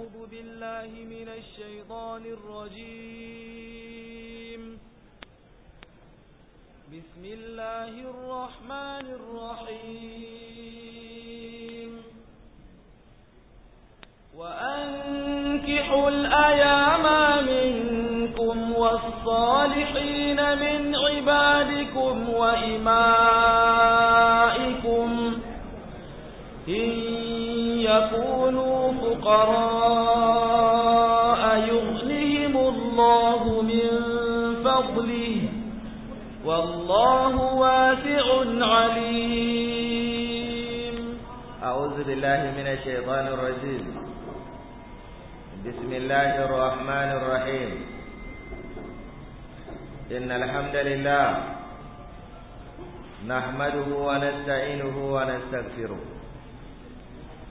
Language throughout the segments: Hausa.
أعوذ بالله من الشيطان الرجيم بسم الله الرحمن الرحيم وأنكحوا الأيام منكم والصالحين من عبادكم وإمائكم إن الفقراء يغنهم الله من فضله والله واسع عليم أعوذ بالله من الشيطان الرجيم بسم الله الرحمن الرحيم إن الحمد لله نحمده ونستعينه ونستغفره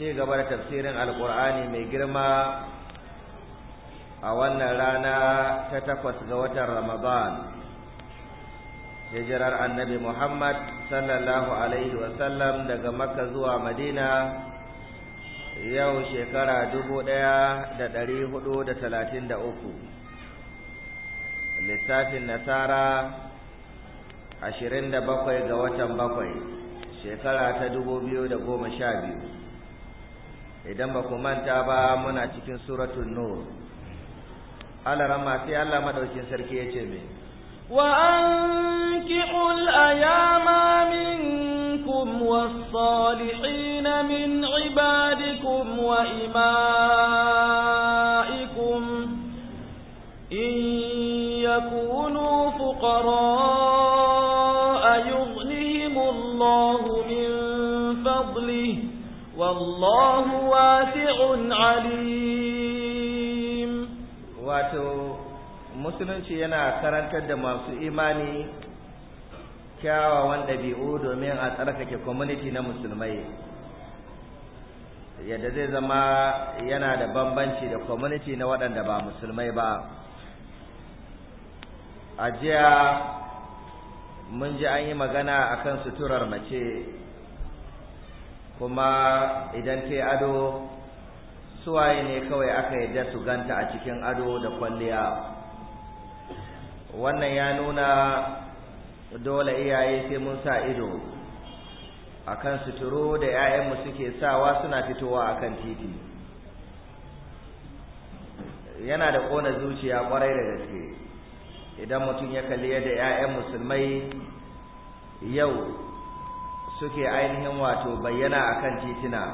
ce gaba da tafsirin alkur'ani mai girma a wannan rana ta takwas ga watan ramadan hijirar annabi muhammad sallallahu alaihi wasallam daga makka zuwa madina yau shekara dubu ɗaya da ɗari hudu da talatin da uku littafin nasara ashirin da bakwai ga watan bakwai shekara ta dubu biyu da goma sha biyu idan ba ku manta ba muna cikin suratul nur alarama sai Allah madaukin sarki yace ce me wa ankihul ayama minkum was-salihin min ibadikum wa imaikum in yakunu fuqara wallahu واسع عليم واتو musulunci yana karantar da masu imani kyawawan ɗabi'u domin a tsarkake community na musulmai yadda zai zama yana da bambanci da community na waɗanda ba musulmai ba a jiya mun ji an yi magana akan suturar mace kuma idan ta ado suwaye ne kawai aka yadda su ganta a cikin ado da kwalliya wannan ya nuna dole iyaye sai mun sa ido akan suturu da 'ya'yanmu suke sawa suna fitowa a kan titi yana da ƙona zuciya kwarai da gaske idan mutum ya kalli yadda 'ya'yan musulmai yau suke ainihin wato bayyana akan titina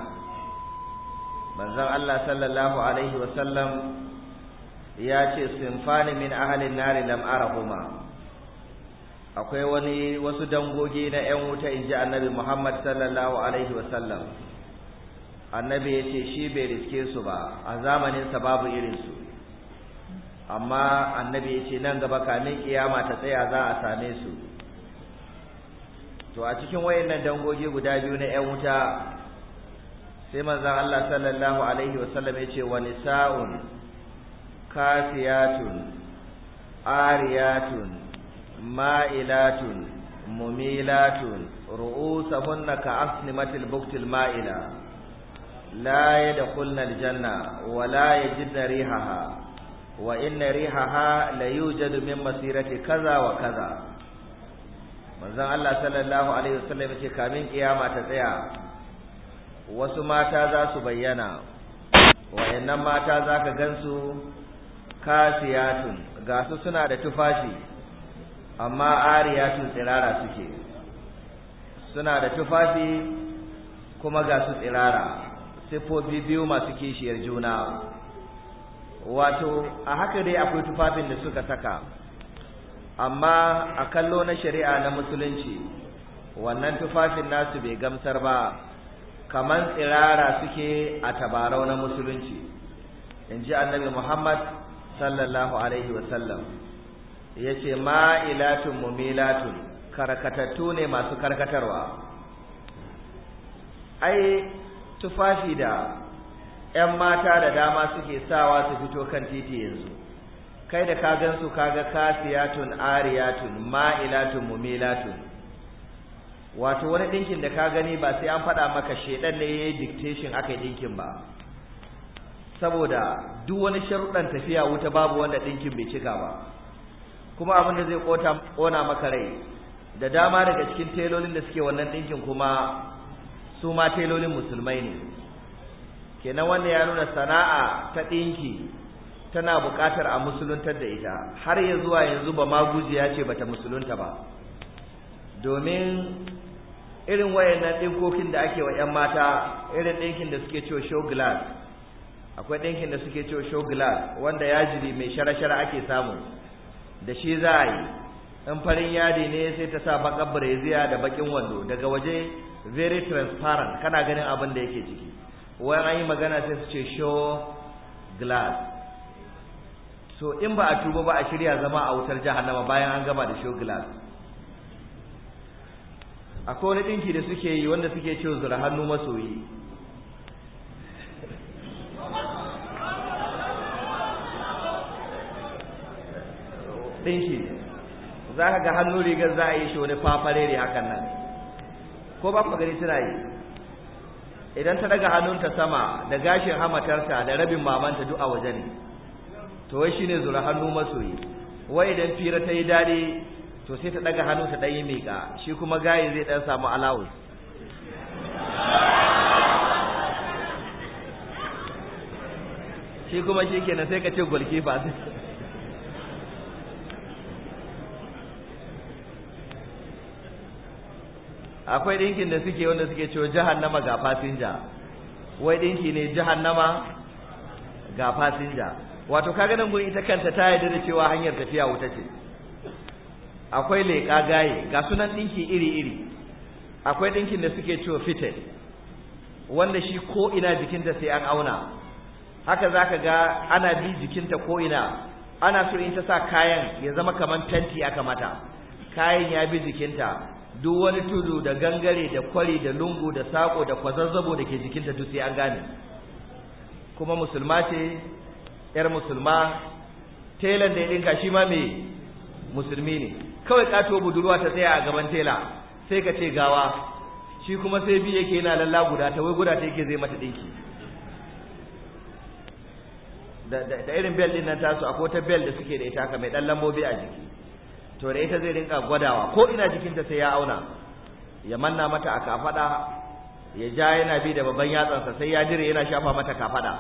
manzon Allah sallallahu alaihi wa sallam ya ce sinfani min ahalin nari lam arahuma akwai wani wasu dangoge na ƴan wuta inji annabi Muhammad sallallahu alaihi wa sallam? annabi ya ce shi bai riske su ba a zamanin sa babu irin su amma annabi ya ce nan gaba kamin kiyama ta tsaya za a same su to a cikin wayannan dangogi guda biyu na 'yan wuta sai manzon Allah sallallahu alaihi wasallam yace wa nisa'un kasiyatun ariyatun ma'ilatun mumilatun ru'usahunna ka'asnimatil buktil ma'ila la yadkhulna aljanna wa la yajidna rihaha wa inna rihaha la yujadu min masirati kaza wa kaza manzon Allah sallallahu alaihi wasallam yace kamin kiyama ta tsaya wasu mata za su bayyana wayannan mata za ka gansu kasiyatun ga su suna da tufafi amma ariyatun tsirara suke suna da tufafi kuma ga su tsirara sifofi biyu masu kishiyar juna wato a haka dai akwai tufafin da suka saka amma a kallo na shari'a na musulunci wannan tufafin nasu bai gamsar ba kamar tsirara suke a tabarau na musulunci in ji annabi muhammad sallallahu alaihi wasallam ya ce ma'ilatun mumilatun karkatattu ne masu karkatarwa ai tufafi da ‘yan mata da dama suke sawa su fito kan titi yanzu kai da ka su kaga kasiyatun ariyatun ma'ilatun mumilatun wato wani dinkin da ka gani ba sai an faɗa maka shedan ne yayin dictation akai dinkin ba saboda duk wani sharuɗan tafiya wuta babu wanda dinkin bai cika ba kuma abin da zai kota kona maka rai da dama daga cikin telolin da suke wannan dinkin kuma su ma telolin musulmai ne kenan wanda ya nuna sana'a ta dinki tana buƙatar a musuluntar da ita har ya zuwa yanzu ba ma gujiya ce bata musulunta ba domin irin wayannan ɗinkokin da ake wa 'yan mata irin ɗinkin da suke cewa show glass akwai ɗinkin da suke cewa show glass wanda yajiri mai shara-shara ake samu da shi za a yi in farin yadi ne sai ta sa baƙar breziya da baƙin wando daga waje very transparent kana ganin abin da yake ciki wayan an yi magana sai su ce show glass so in ba a tuba ba a shirya zama a wutar jahannama bayan an gama da shogila akwai wani dinki da suke yi wanda suke ce zura hannu masoyi dinki za ka ga hannu rigar za a yi shi wani fafare ne hakan nan ko ba ku gani suna yi idan ta daga hannunta sama da gashin hamatarta da rabin mamanta duk a waje ne to wai shine zura hannu masoyi wai idan fira ta yi dare to sai ta daga hannu ta dai yi miƙa shi kuma gayi zai dan samu alawus shi kuma shi kenan sai ka ce golkifa akwai ɗinkin da suke wanda suke cewa jahannama ga fasinja wai dinki ne jahannama ga fasinja wato kaga nan gurin ita kanta ta yarda da cewa hanyar tafiya wuta ce akwai leƙa gaye ga sunan ɗinki iri-iri akwai ɗinkin da suke cewa fitel wanda shi ko ina jikinta sai an auna haka za ka ga ana bi jikinta ko ina ana so in ta sa kayan ya zama kamar tanti aka mata kayan ya bi jikinta duk wani tudu da gangare da kwari da lungu da saƙo da kwazazzabo da ke jikinta duk sai an gane kuma musulma ce yar musulma telan da ya ɗinka, shi ma me musulmi ne kawai kato budurwa ta tsaya a gaban tela sai ka ce gawa shi kuma sai bi yake yana lalla guda ta wai guda ta yake zai mata dinki da irin bel din nan tasu akwai ta bel da suke da ita haka mai dan lambobi a jiki to da ita zai rinka gwadawa ko ina jikinta sai ya auna ya manna mata a kafaɗa ya ja yana bi da babban yatsansa sai ya dire yana shafa mata kafaɗa.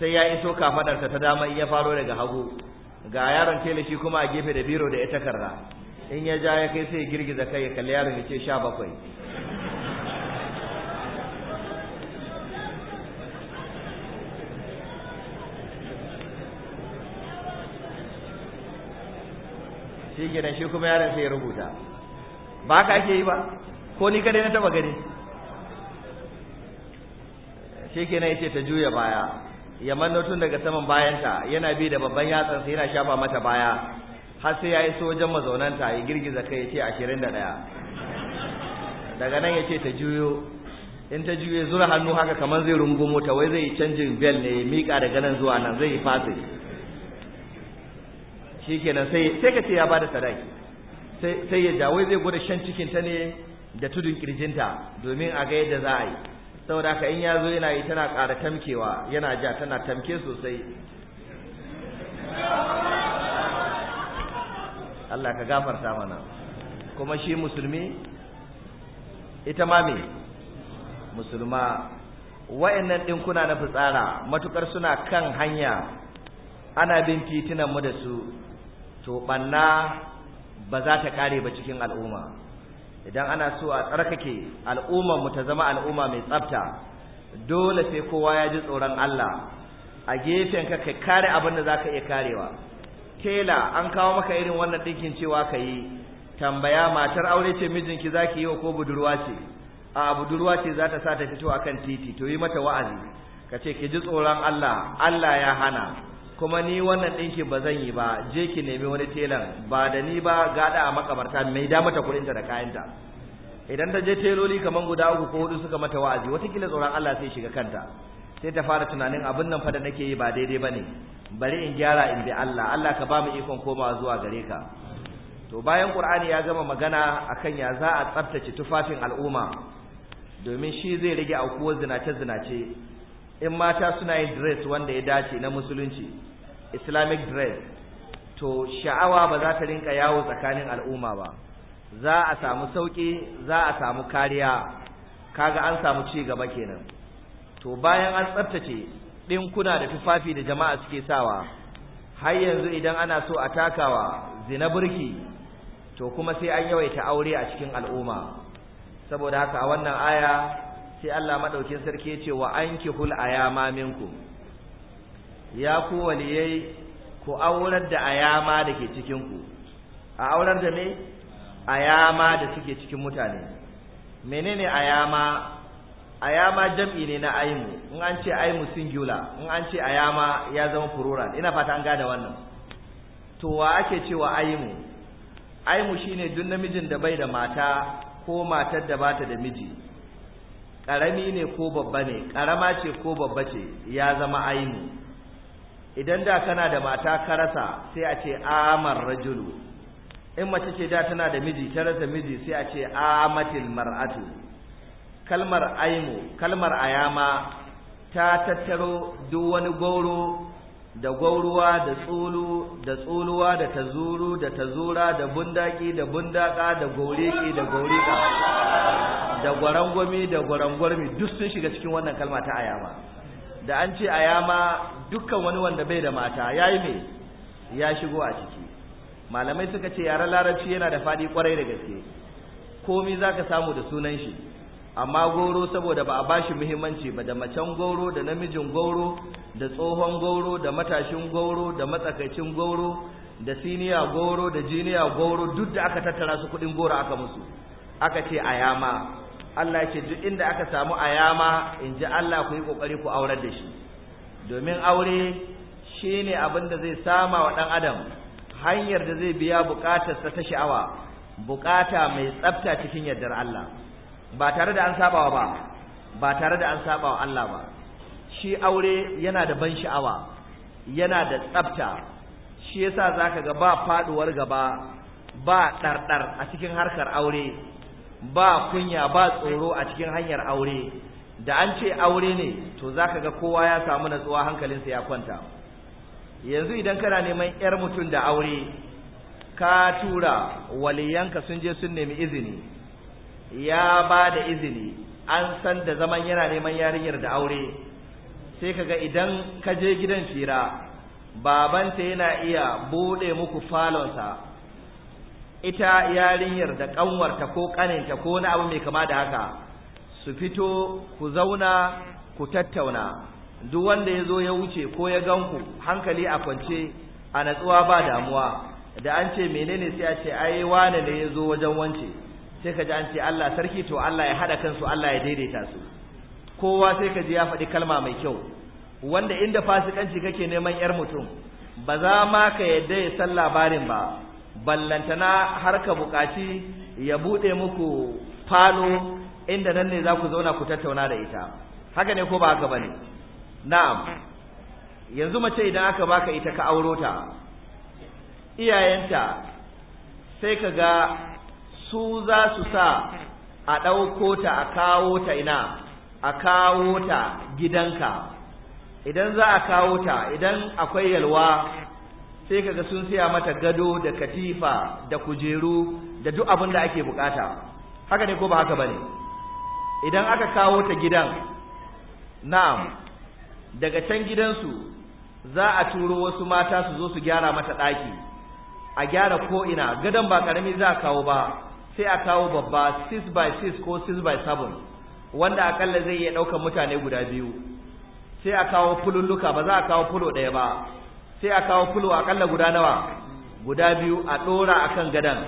sai ya iso kafadarsa ta dama ya faro daga hagu ga yaron tele shi kuma a gefe da biro da ya takarra. in ya ja ya kai sai ya girgiza kai ya kalli yaron ya ce sha bakwai shi gidan shi kuma yaron sai ya rubuta ba ka ake yi ba ko ni kadai na taba gani shi kenan ya ce ta juya baya ya manno tun daga saman bayanta yana bi da babban yatsansa yana shafa mata baya har sai yayi sojan mazaunanta ya girgiza kai yace ce ashirin da ɗaya daga nan ya ta juyo in ta juye zura hannu haka kamar zai rungumo ta wai zai canjin bel ne ya miƙa daga nan zuwa nan zai yi fasi shikenan sai sai ka ce ya bada sadaki sai ya ja wai zai gwada shan cikin ta ne da tudun kirjinta domin a ga yadda za a yi saboda ka in ya zo yana yi tana ƙara tamkewa yana ja tana tamke sosai Allah ka gafarta mana kuma shi musulmi ita ma me musulma wa'annan ɗinkuna na fitsara matukar suna kan hanya ana bin titinanmu da su to ɓanna ba za ta ƙare ba cikin al'umma idan ana so a tsarkake al'ummar mu ta zama al'umma mai tsafta dole sai kowa ya ji tsoron Allah a gefen ka kai kare abin da za ka iya karewa tela an kawo maka irin wannan ɗinkin cewa ka yi tambaya matar aure ce mijinki zaki yi wa ko budurwa ce a budurwa ce za ta sa ta fito akan titi to yi mata wa'azi ka ce ki ji tsoron Allah Allah ya hana kuma ni wannan ɗinki ba zan yi ba je ki nemi wani telan ba da ni ba gada a makabarta mai da mata kuɗinta da kayanta idan ta je teloli kamar guda uku ko hudu suka mata wa'azi wata watakila tsoron Allah sai shiga kanta sai ta fara tunanin abin nan fa da nake yi ba daidai ba ne bari in gyara in bi Allah Allah ka ba mu ikon komawa zuwa gare ka to bayan Qur'ani ya gama magana akan ya za a tsaftace tufafin al'umma domin shi zai rage aukuwar zinace-zinace in mata suna yin dress wanda ya dace na musulunci islamic dress to sha'awa ba za ta rinka yawo tsakanin al'umma ba za a samu sauki za a samu kariya kaga an samu ci gaba kenan to bayan an tsaftace ɗinkuna da tufafi da jama'a suke sawa har yanzu idan ana so a takawa zina burki to kuma sai an yawaita aure a cikin al'umma saboda haka a wannan aya sai Allah maɗaukin sarki ya ce wa ankihul ayama minkum ya ku waliyai ku aurar da ayama da ke cikin a aurar da me ayama da suke cikin mutane menene ayama ayama jam'i ne na aimu in an ce aimu singular in an ce ayama ya zama plural ina fata an gada wannan to wa ake cewa aimu aimu shine duk namijin da bai da mata ko matar da bata da miji karami ne ko babba ne karama ce ko babba ce ya zama aimu idan da kana da mata ka rasa sai a ce amar rajulu in mace ce da tana da miji ta rasa miji sai a ce amatil mar'atu kalmar aimu kalmar ayama ta tattaro duk wani gauro da gauruwa da tsulu da tsuluwa da tazuru da tazura da bundaki da bundaka da gaureki da gaurika da gwarangwami da gwarangwarmi duk sun shiga cikin wannan kalma ta ayama da an ce a yama dukkan wani wanda bai da mata ya yi mai ya shigo a ciki malamai suka ce yaren larabci yana da faɗi kwarai da gaske komi za ka samu da sunan shi amma goro saboda ba a ba shi muhimmanci ba da macen goro da namijin goro da tsohon goro da matashin goro da matsakaicin goro da siniya goro da jiniya goro duk da aka tattara su kuɗin goro aka musu aka ce a yama Allah ce duk inda aka samu ayama in ji Allah ku yi ƙoƙari ku aurar da shi domin aure shine abin da zai sama wa ɗan adam hanyar da zai biya buƙatarsa ta sha'awa buƙata mai tsafta cikin yardar Allah ba tare da an sabawa ba ba tare da an sabawa Allah ba shi aure yana da ban sha'awa yana da tsafta shi yasa zaka ga ba faɗuwar gaba ba ɗarɗar a cikin harkar aure ba kunya ba tsoro a cikin hanyar aure da an ce aure ne to zaka ga kowa ya samu natsuwa hankalinsa ya kwanta yanzu idan kana neman yar mutum da aure ka tura waliyanka sun je sun nemi izini ya ba da izini an san da zaman yana neman yarinyar da aure sai kaga idan ka je gidan fira babanta yana iya bude muku falonsa ita yarinyar da ƙanwarta ko ƙaninta ko na abu mai kama da haka su fito ku zauna ku tattauna duk wanda ya zo ya wuce ko ya ganku hankali a kwance a natsuwa ba damuwa da an ce menene sai a ce ai wane ne ya zo wajen wance sai kaji ji an ce Allah sarki to Allah ya haɗa kansu Allah ya daidaita su kowa sai ka ji ya faɗi kalma mai kyau wanda inda fasikanci kake neman yar mutum ba za ma ka yadda ya san labarin ba ballantana har ka buƙaci ya buɗe muku falo inda nan ne za ku zauna ku tattauna da ita haka ne ko ba haka bane na'am yanzu mace idan aka baka ita ka auro ta iyayenta sai ka ga su za su sa a ɗauko ta a kawo ta ina a kawo ta gidanka idan za a kawo ta idan akwai yalwa sai kaga sun siya mata gado da katifa da kujeru da duk abin da ake bukata haka ne ko ba haka bane idan aka kawo ta gidan na'am daga can gidansu za a turo wasu mata su zo su gyara mata daki a gyara ko ina gadon ba karami za a kawo ba sai a kawo babba 6 by 6 ko 6 by 7 wanda akalla zai iya ɗaukar mutane guda biyu sai a kawo fululluka ba za a kawo fulo ɗaya ba sai a kawo fulo aƙalla guda nawa guda biyu a ɗora akan gadan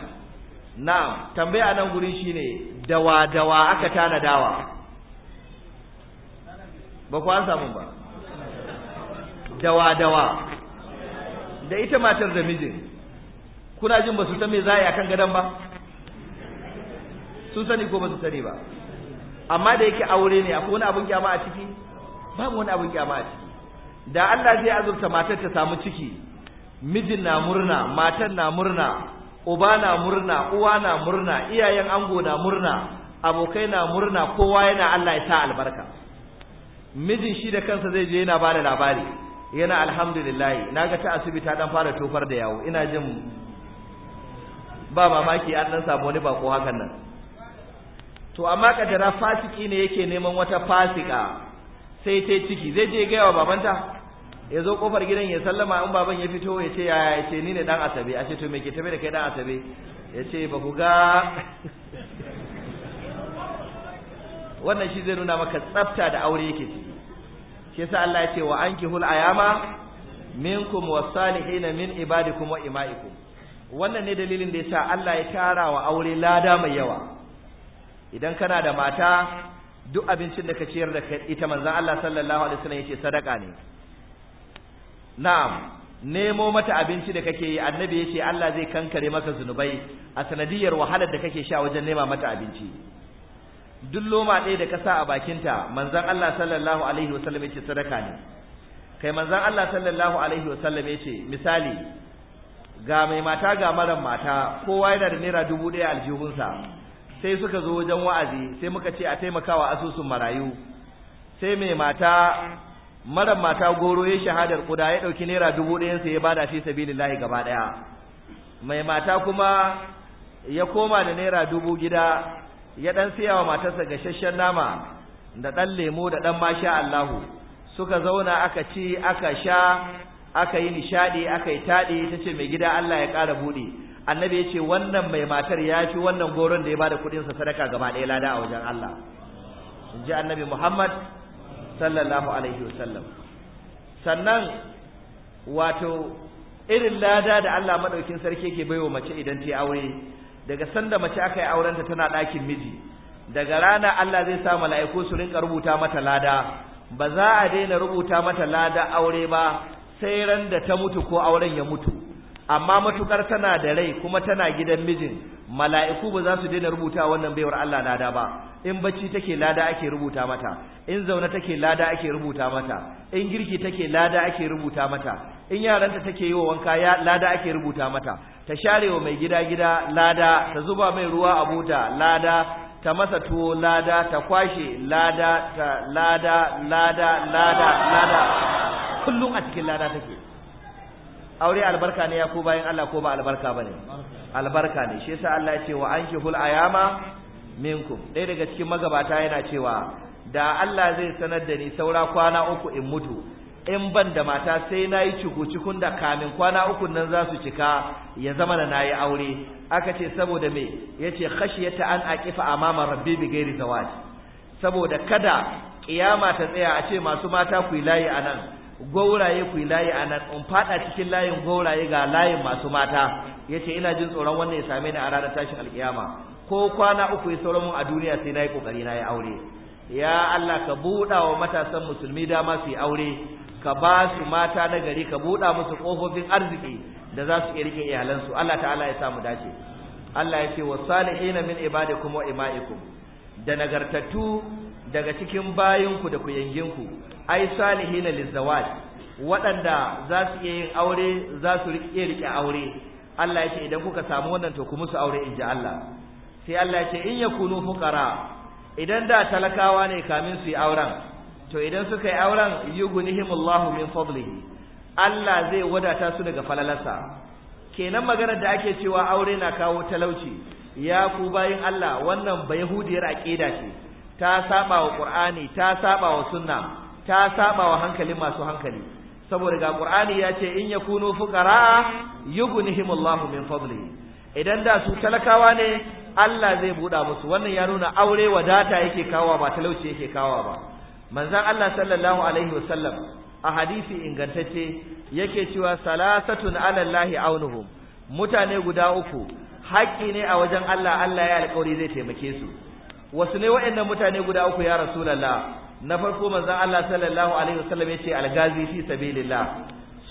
na'am tambaya nan guri shine dawa dawa aka tana dawa ba ku an samu ba dawa dawa da ita matar da mijin kuna jin ba su ta me za a kan gadon ba sun sani ko ba su sani ba amma da yake aure ne akwai wani abun kyama a ciki babu wani abun kyama a ciki da Allah zai azurta matar ta samu ciki mijin na murna matan na murna uba na murna uwa na murna iyayen ango na murna abokai na murna kowa yana Allah ya sa albarka mijin shi da kansa zai je yana bada labari yana alhamdulillah ga ta asibiti ta dan fara tofar da yawo ina jin ba mamaki an dan samu wani bako hakan nan to amma kadara fasiki ne yake neman wata fasika sai ta ciki zai je gaya wa babanta ya zo kofar gidan ya sallama in baban ya fito ya ce yaya ya ce ni ne dan asabe a ce to me ke tafe da kai dan asabe ya ce ba ku ga wannan shi zai nuna maka tsafta da aure yake ciki shi yasa Allah ya ce wa ankihul ayama minkum wasalihina min ibadikum wa imaikum wannan ne dalilin da ya sa Allah ya tara wa aure lada mai yawa idan kana da mata duk abincin da ka ciyar da ita manzon Allah sallallahu alaihi wasallam yace sadaka ne na'am nemo mata abinci da kake yi annabi yace Allah zai kankare maka zunubai a sanadiyar wahalar da kake sha wajen nema mata abinci duk loma ɗaya da ka sa a bakinta manzon Allah sallallahu alaihi wasallam yace sadaka ne kai manzon Allah sallallahu alaihi wasallam yace misali ga mai mata ga maran mata kowa yana da naira dubu ɗaya aljihunsa sai suka zo wajen wa'azi sai muka ce a taimakawa asusun marayu sai mai mata mara mata goro ya shahadar kuda ya ɗauki naira dubu ɗayan sai ya bada fi sabilillahi gaba daya mai mata kuma ya koma da naira dubu gida ya ɗan siya wa matarsa gasasshen nama da ɗan lemo da ɗan masha Allahu suka zauna aka ci aka sha aka yi nishadi aka yi tadi tace mai gida Allah ya ƙara buɗe. annabi ya ce wannan mai matar ya fi wannan goron da ya ba da sa sadaka gaba ɗaya lada a wajen Allah in annabi Muhammad sallallahu alaihi wasallam sannan wato irin lada da Allah madaukin sarki yake baiwa mace idan ta aure daga sanda mace aka yi auren ta tana ɗakin miji daga rana Allah zai sa mala'iku su rinka rubuta mata lada ba za a daina rubuta mata lada aure ba sai ran da ta mutu ko auren ya mutu amma matukar tana da rai kuma tana gidan mijin mala'iku ba za su daina rubuta wannan baiwar Allah lada ba in bacci take lada ake rubuta mata in zaune take lada ake rubuta mata in girki take lada ake rubuta mata in yaranta take yi wa wanka ya lada ake rubuta mata ta share wa mai gida gida lada ta zuba mai ruwa a buta lada ta masa tuwo lada ta kwashe lada ta lada lada lada lada kullum a cikin lada take aure albarka ne ya ko bayan Allah ko ba albarka bane albarka ne shi yasa Allah ya ce wa ankihul ayama minkum ɗaya daga cikin magabata yana cewa da Allah zai sanar da ni saura kwana uku in mutu in ban da mata sai na yi cikun da kamin kwana uku nan za su cika ya zama da na yi aure aka ce saboda me ya ce khashiyata an aqifa amama rabbi bi ghairi zawaj saboda kada kiyama ta tsaya a ce masu mata ku yi layi a nan. gauraye ku layi a nan in fada cikin layin gauraye ga layin masu mata yace ina jin tsoron wannan ya same ni a ranar tashin alkiyama ko kwana uku ya sauran mun a duniya sai na nayi kokari yi aure ya Allah ka buɗa wa matasan musulmi dama su yi aure ka ba su mata na gari ka buɗa musu kofofin arziki da za su iya rike iyalansu Allah ta'ala ya sa mu dace Allah ya ce wasalihina min ibadikum wa ima'ikum da nagartattu daga cikin bayinku da ku kuyanginku ai salihina lizawaj waɗanda za su iya yin aure za su iya rike aure Allah yake idan kuka samu wannan to ku musu aure in ji Allah sai Allah yake in yakunu fuqara idan da talakawa ne kamin su yi auren to idan suka yi auren yughnihimullahu min fadlihi Allah zai wadata su daga falalarsa kenan maganar da ake cewa aure na kawo talauci ya ku bayin Allah wannan ba yahudiyar aqida ce ta saba wa qur'ani ta saba wa sunna ta saba wa hankali masu hankali saboda ga ƙur'ani ya ce in yakunu fuqara yughnihimullahu min fadli idan da su talakawa ne Allah zai buɗa musu wannan ya nuna aure wadata yake kawo ba talauci yake kawo ba manzon Allah sallallahu alaihi wasallam a hadisi ingantacce yake cewa salasatun ala Allahi aunuhum mutane guda uku haƙƙi ne a wajen Allah Allah ya alƙawari zai taimake su wasu ne waɗannan mutane guda uku ya rasulullah na farko manzon Allah sallallahu alaihi wasallam yace algazi fi sabilillah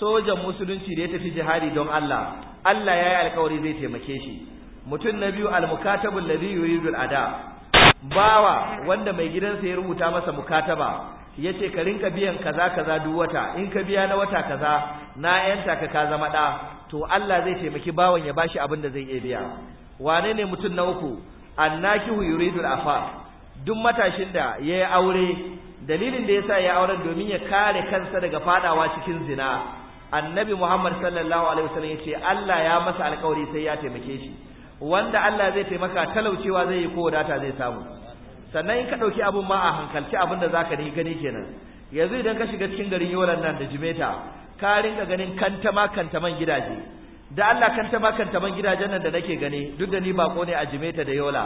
sojan musulunci da ya tafi jihadi don Allah Allah yayi alkawari zai taimake shi mutum na biyu almukatabul ladhi yuridu alada bawa wanda mai gidansa ya rubuta masa mukataba yace ka rinka biyan kaza kaza duk wata in ka biya na wata kaza na yanta ka ka zama da to Allah zai taimaki bawan ya bashi abin da zai iya biya wane ne mutum na uku annakihu yuridu al duk matashin da yayi aure dalilin da yasa ya auren domin ya kare kansa daga fadawa cikin zina annabi Muhammad sallallahu alaihi wasallam yace Allah ya masa alƙawari sai ya taimake shi wanda Allah zai taimaka talaucewa zai yi ko wadata zai samu sannan in ka dauki abun ma a hankalci abin da zaka ni gani kenan yanzu idan ka shiga cikin garin yolan nan da jimeta ka rinka ganin kantama kantaman gidaje da Allah kan tama kan taman gidajen nan da nake gani duk da ni bako ne a Jimeta da Yola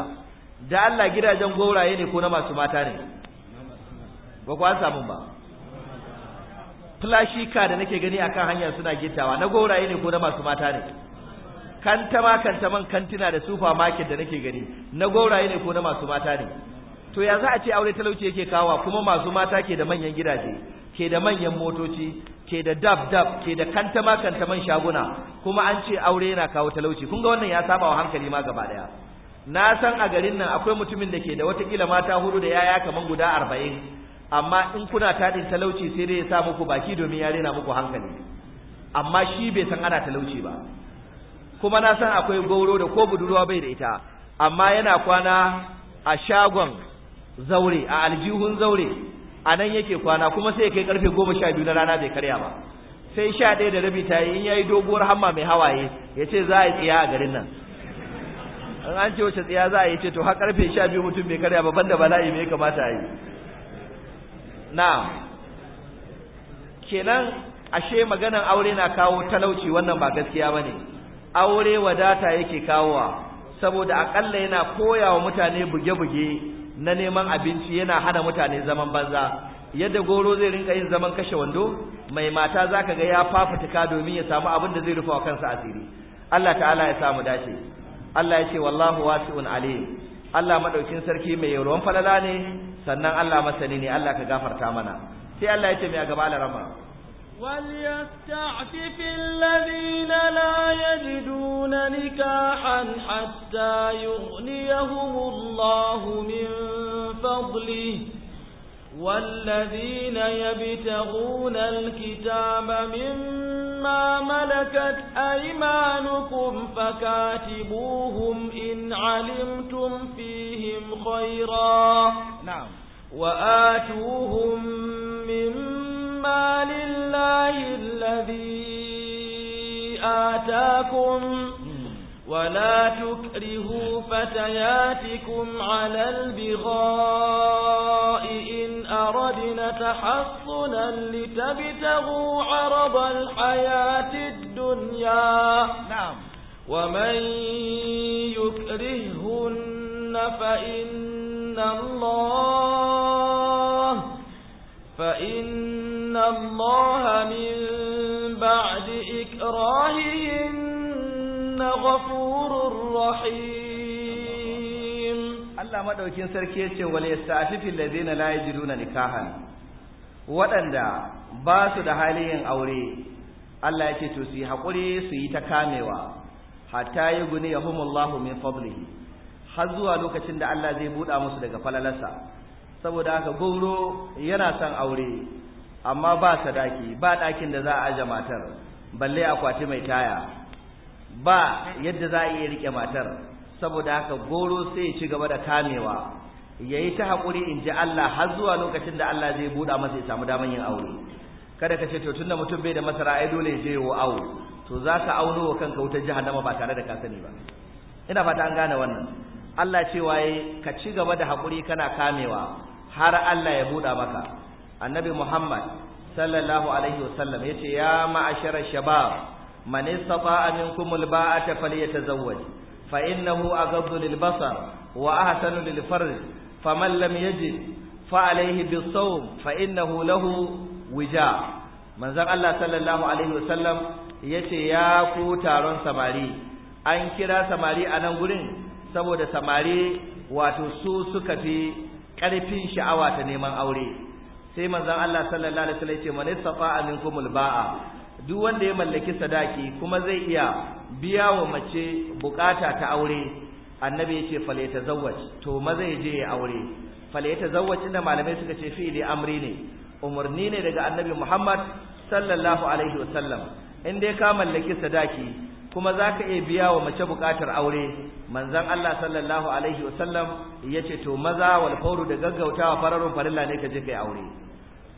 da Allah gidajen gauraye ne ko na masu mata ne ba ku an samu ba flashika da nake gani akan hanya suna gitawa na gauraye ne ko na masu mata ne kan tama kan taman kantina da supermarket da nake gani na gauraye ne ko na masu mata ne to ya za a ce aure talauci yake kawa kuma masu mata ke da manyan gidaje ke da manyan motoci ke da dab dab ke da kantama kantaman shaguna kuma an ce aure yana kawo talauci kun ga wannan ya saba wa hankali ma gaba daya na san a garin nan akwai mutumin da ke da watakila mata hudu da yaya kaman guda arba'in amma in kuna taɗin talauci sai dai ya sa muku baki domin ya rena muku hankali amma shi bai san ana talauci ba kuma na san akwai gauro da ko budurwa bai da ita amma yana kwana a shagon zaure a aljihun zaure a nan yake kwana kuma sai ya kai karfe goma sha biyu na rana bai karya ba sai sha ɗaya da rabi ta yi in ya yi doguwar hamma mai hawaye ya ce za a yi tsiya a garin nan in an ce wace tsiya za a yi ce to har karfe sha biyu mutum bai karya ba banda bala'i mai kamata a yi na kenan ashe maganan aure na kawo talauci wannan ba gaskiya ba ne aure wadata yake kawowa saboda akalla yana koya wa mutane buge-buge na neman abinci yana hana mutane zaman banza yadda goro zai rinka yin zaman kashe wando mai mata za ka ga ya fafutuka domin ya samu abin da zai rufa wa kansa asiri Allah ta'ala ya samu dace Allah ya ce wallahu wasi'un alim Allah maɗaukin sarki mai yawan falala ne sannan Allah masani ne Allah ka gafarta mana sai Allah ya ce mai a gaba alarama وليستعفف الذين لا يجدون نكاحا حتى يغنيهم الله من فضله والذين يبتغون الكتاب مما ملكت أيمانكم فكاتبوهم إن علمتم فيهم خيرا نعم وآتوهم مما لله الذي آتاكم ولا تكرهوا فتياتكم على البغاء إن أردنا تحصنا لتبتغوا عرض الحياة الدنيا نعم ومن يكرههن فإن الله فإن إن Maɗaukin Sarki بعد إكراههن غفور رحيم الله ما دوكين سركيتي وليستعفف الذين لا يجدون نكاحا waɗanda ba su da halin aure Allah ya ce to su yi haƙuri su yi ta kamewa hatta yi gune ya humullahu min fablihi har zuwa lokacin da Allah zai buɗa musu daga falalarsa saboda haka goro yana son aure amma ba sadaki ba ɗakin da za a aje matar balle akwati mai taya ba yadda za a iya rike matar saboda haka goro sai ya ci gaba da kamewa ya yi ta haƙuri in ji Allah har zuwa lokacin da Allah zai buɗa masa ya samu damar yin aure kada ka ce to tunda mutum bai da masara ai dole ya je wa awo to za ka auno wa kanka wutar jahannama ba tare da ka sani ba ina fata an gane wannan Allah cewa ka ci gaba da haƙuri kana kamewa har Allah ya buɗa maka annabi Muhammad sallallahu alaihi wasallam yace ya ma'ashara shabab man istafa minkum alba'ata falyatazawwaj fa innahu aghaddu lilbasar wa ahsanu lilfarj faman lam yajid fa alaihi bisawm fa innahu lahu wija manzon Allah sallallahu alaihi wasallam yace ya ku taron samari an kira samari a nan gurin saboda samari wato su suka fi ƙarfin sha'awa ta neman aure sai manzon Allah sallallahu alaihi wasallam ce man istata'a minkumul ba'a duk wanda ya mallaki sadaki kuma zai iya biya wa mace bukata ta aure annabi ya ce ta zawwaj to maza ya je ya aure zawwaj inda malamai suka ce fi'li amri ne umarni ne daga annabi Muhammad sallallahu alaihi wasallam in dai ka mallaki sadaki kuma zaka iya biya wa mace bukatar aure manzon Allah sallallahu alaihi wasallam yace to maza wal fawru da gaggautawa fararun farilla ne ka je kai aure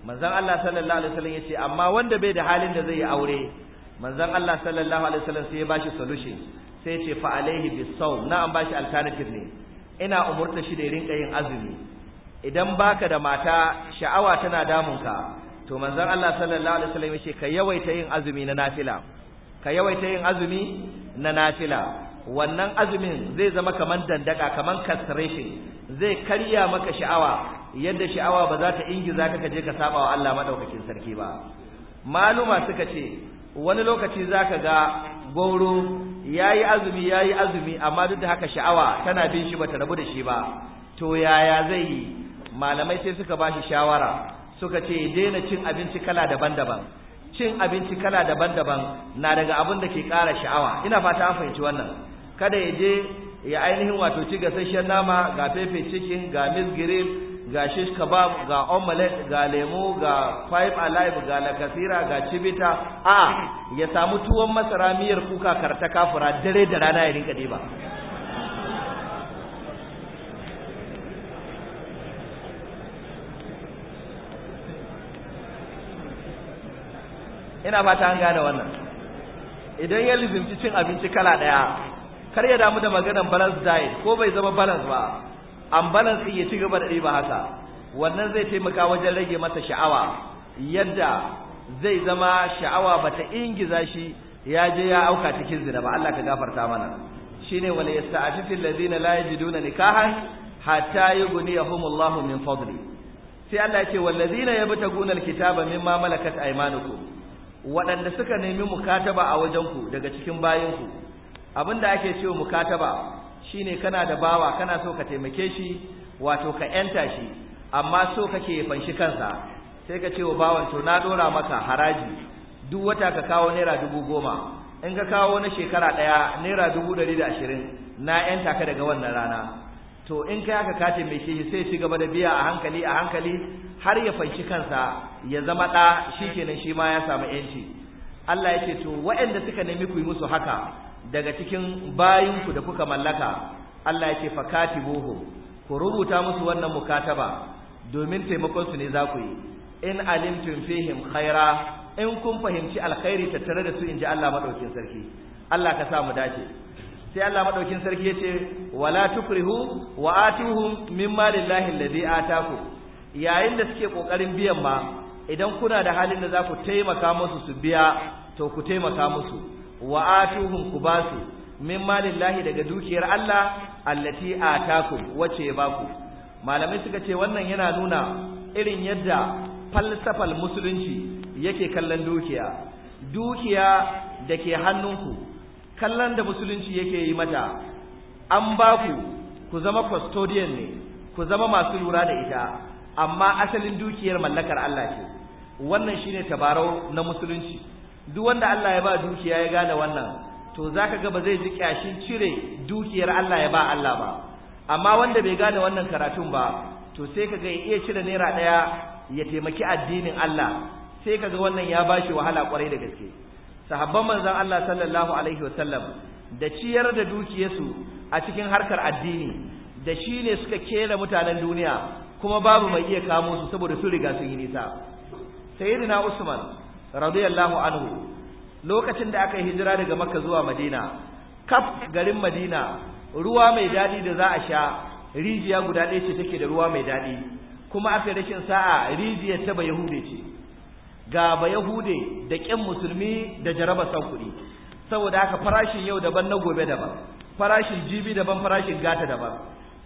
manzon Allah sallallahu alaihi wasallam yace amma wanda bai da halin da zai yi aure manzon Allah sallallahu alaihi wasallam sai ya bashi solution sai ya ce fa alaihi bisawm na an bashi alternative ne ina umurta shi da rinka yin azumi idan baka da mata sha'awa tana damun ka to manzon Allah sallallahu alaihi wasallam yace ka yawaita yin azumi na nafila ka yawaita yin azumi na nafila wannan azumin zai zama kaman dandaka kaman castration zai karya maka sha'awa yadda sha'awa ba za ta ingiza ka kaje ka saba wa Allah madaukakin sarki ba maluma suka ce wani lokaci zaka ga goro yayi azumi yayi azumi amma duk da haka sha'awa tana bin shi bata rabu da shi ba to yaya zai yi malamai sai suka bashi shawara suka ce daina cin abinci kala daban-daban cin abinci kala daban-daban na daga abin da ke ƙara sha'awa ina fata an fahimci wannan kada ya je ya ainihin wato ci gasasshen nama ga fefe chicken ga miss grill ga shish kebab ga omelette ga lemu ga five alive ga lakasira ga cibita a ya samu tuwon masara miyar kuka karta kafura dare da rana ya rinka diba ina fata an gane wannan idan ya lizinci cin abinci kala ɗaya kar ya damu da maganar balance diet ko bai zama balance ba an balance ya ci gaba da ba haka wannan zai taimaka wajen rage masa sha'awa yadda zai zama sha'awa bata ingiza shi ya je ya auka cikin zina ba Allah ka gafarta mana shine wala yasta'afifu alladhina la yajiduna nikahan hatta yughniyahumullahu min fadli sai Allah yake wallazina yabtaguna alkitaba mimma malakat aymanukum waɗanda suka nemi mukataba a wajenku daga cikin bayinku da ake cewa mukataba shine kana da bawa kana so ka taimake shi wato ka yanta shi amma so kake fanshi kansa sai ka ce wa bawan to na dora maka haraji duk wata ka kawo naira dubu goma in ka kawo na shekara ɗaya naira dubu ɗari da ashirin na yanta ka daga wannan rana to in kai yaka kace mai shi sai ci gaba da biya a hankali a hankali har ya fanshi kansa ya zama ɗa shikenan shi ma ya samu yanci Allah ya ce to waɗanda suka nemi ku yi musu haka daga cikin bayinku da kuka mallaka Allah ya ce buhu ku rubuta musu wannan mukataba domin taimakon su ne za ku yi in alimtum fihim khaira in kun fahimci alkhairi tattare da su inji Allah madaukin sarki Allah ka sa mu dace sai Allah madaukin sarki ya ce wala tukrihu wa atuhum mimma lillahi alladhi ataku yayin da suke kokarin biyan ma idan kuna da halin da za ku taimaka musu su biya to ku taimaka musu wa atuhum ku basu min malillahi daga dukiyar Allah allati atakum wace ya baku malamai suka ce wannan yana nuna irin yadda falsafal musulunci yake kallon dukiya dukiya da ke hannunku kallon da musulunci yake yi mata an baku ku zama custodian ne ku zama masu lura da ita amma asalin dukiyar mallakar Allah ce wannan shine tabarau na musulunci duk wanda Allah ya ba dukiya ya gane wannan to zaka ga ba zai ji kyashin cire dukiyar Allah ya ba Allah ba amma wanda bai gane wannan karatun ba to sai kaga ya iya cire naira daya ya taimaki addinin Allah sai kaga wannan ya ba shi wahala kwarai da gaske sahabban manzon Allah sallallahu alaihi wasallam da ciyar da dukiyarsu a cikin harkar addini da shi ne suka kera mutanen duniya kuma babu mai iya kamo su saboda su riga sun yi nisa sayyidina usman radiyallahu anhu lokacin da aka yi hijira daga makka zuwa madina kaf garin madina ruwa mai daɗi da za a sha rijiya guda ɗaya ce take da ruwa mai daɗi kuma aka rashin sa'a rijiyar ta bayahude ce ga bayahude da ƙin musulmi da jaraba san kuɗi saboda haka farashin yau daban na gobe daban farashin jibi daban farashin gata daban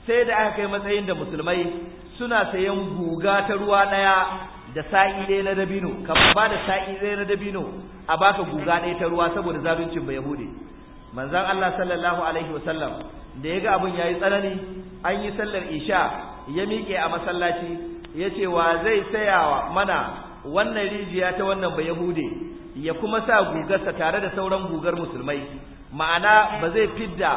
sai da aka kai matsayin da musulmai suna sayan guga ta ruwa ɗaya da sa'i ɗaya na dabino ka ba da sa'i ɗaya na dabino a baka guga ɗaya ta ruwa saboda zaluncin ba hude manzon Allah sallallahu alaihi wasallam da ya ga abin ya yi tsanani an yi sallar isha ya miƙe a masallaci ya ce wa zai saya mana wannan rijiya ta wannan ba yahude ya kuma sa gugarsa tare da sauran gugar musulmai ma'ana ba zai fidda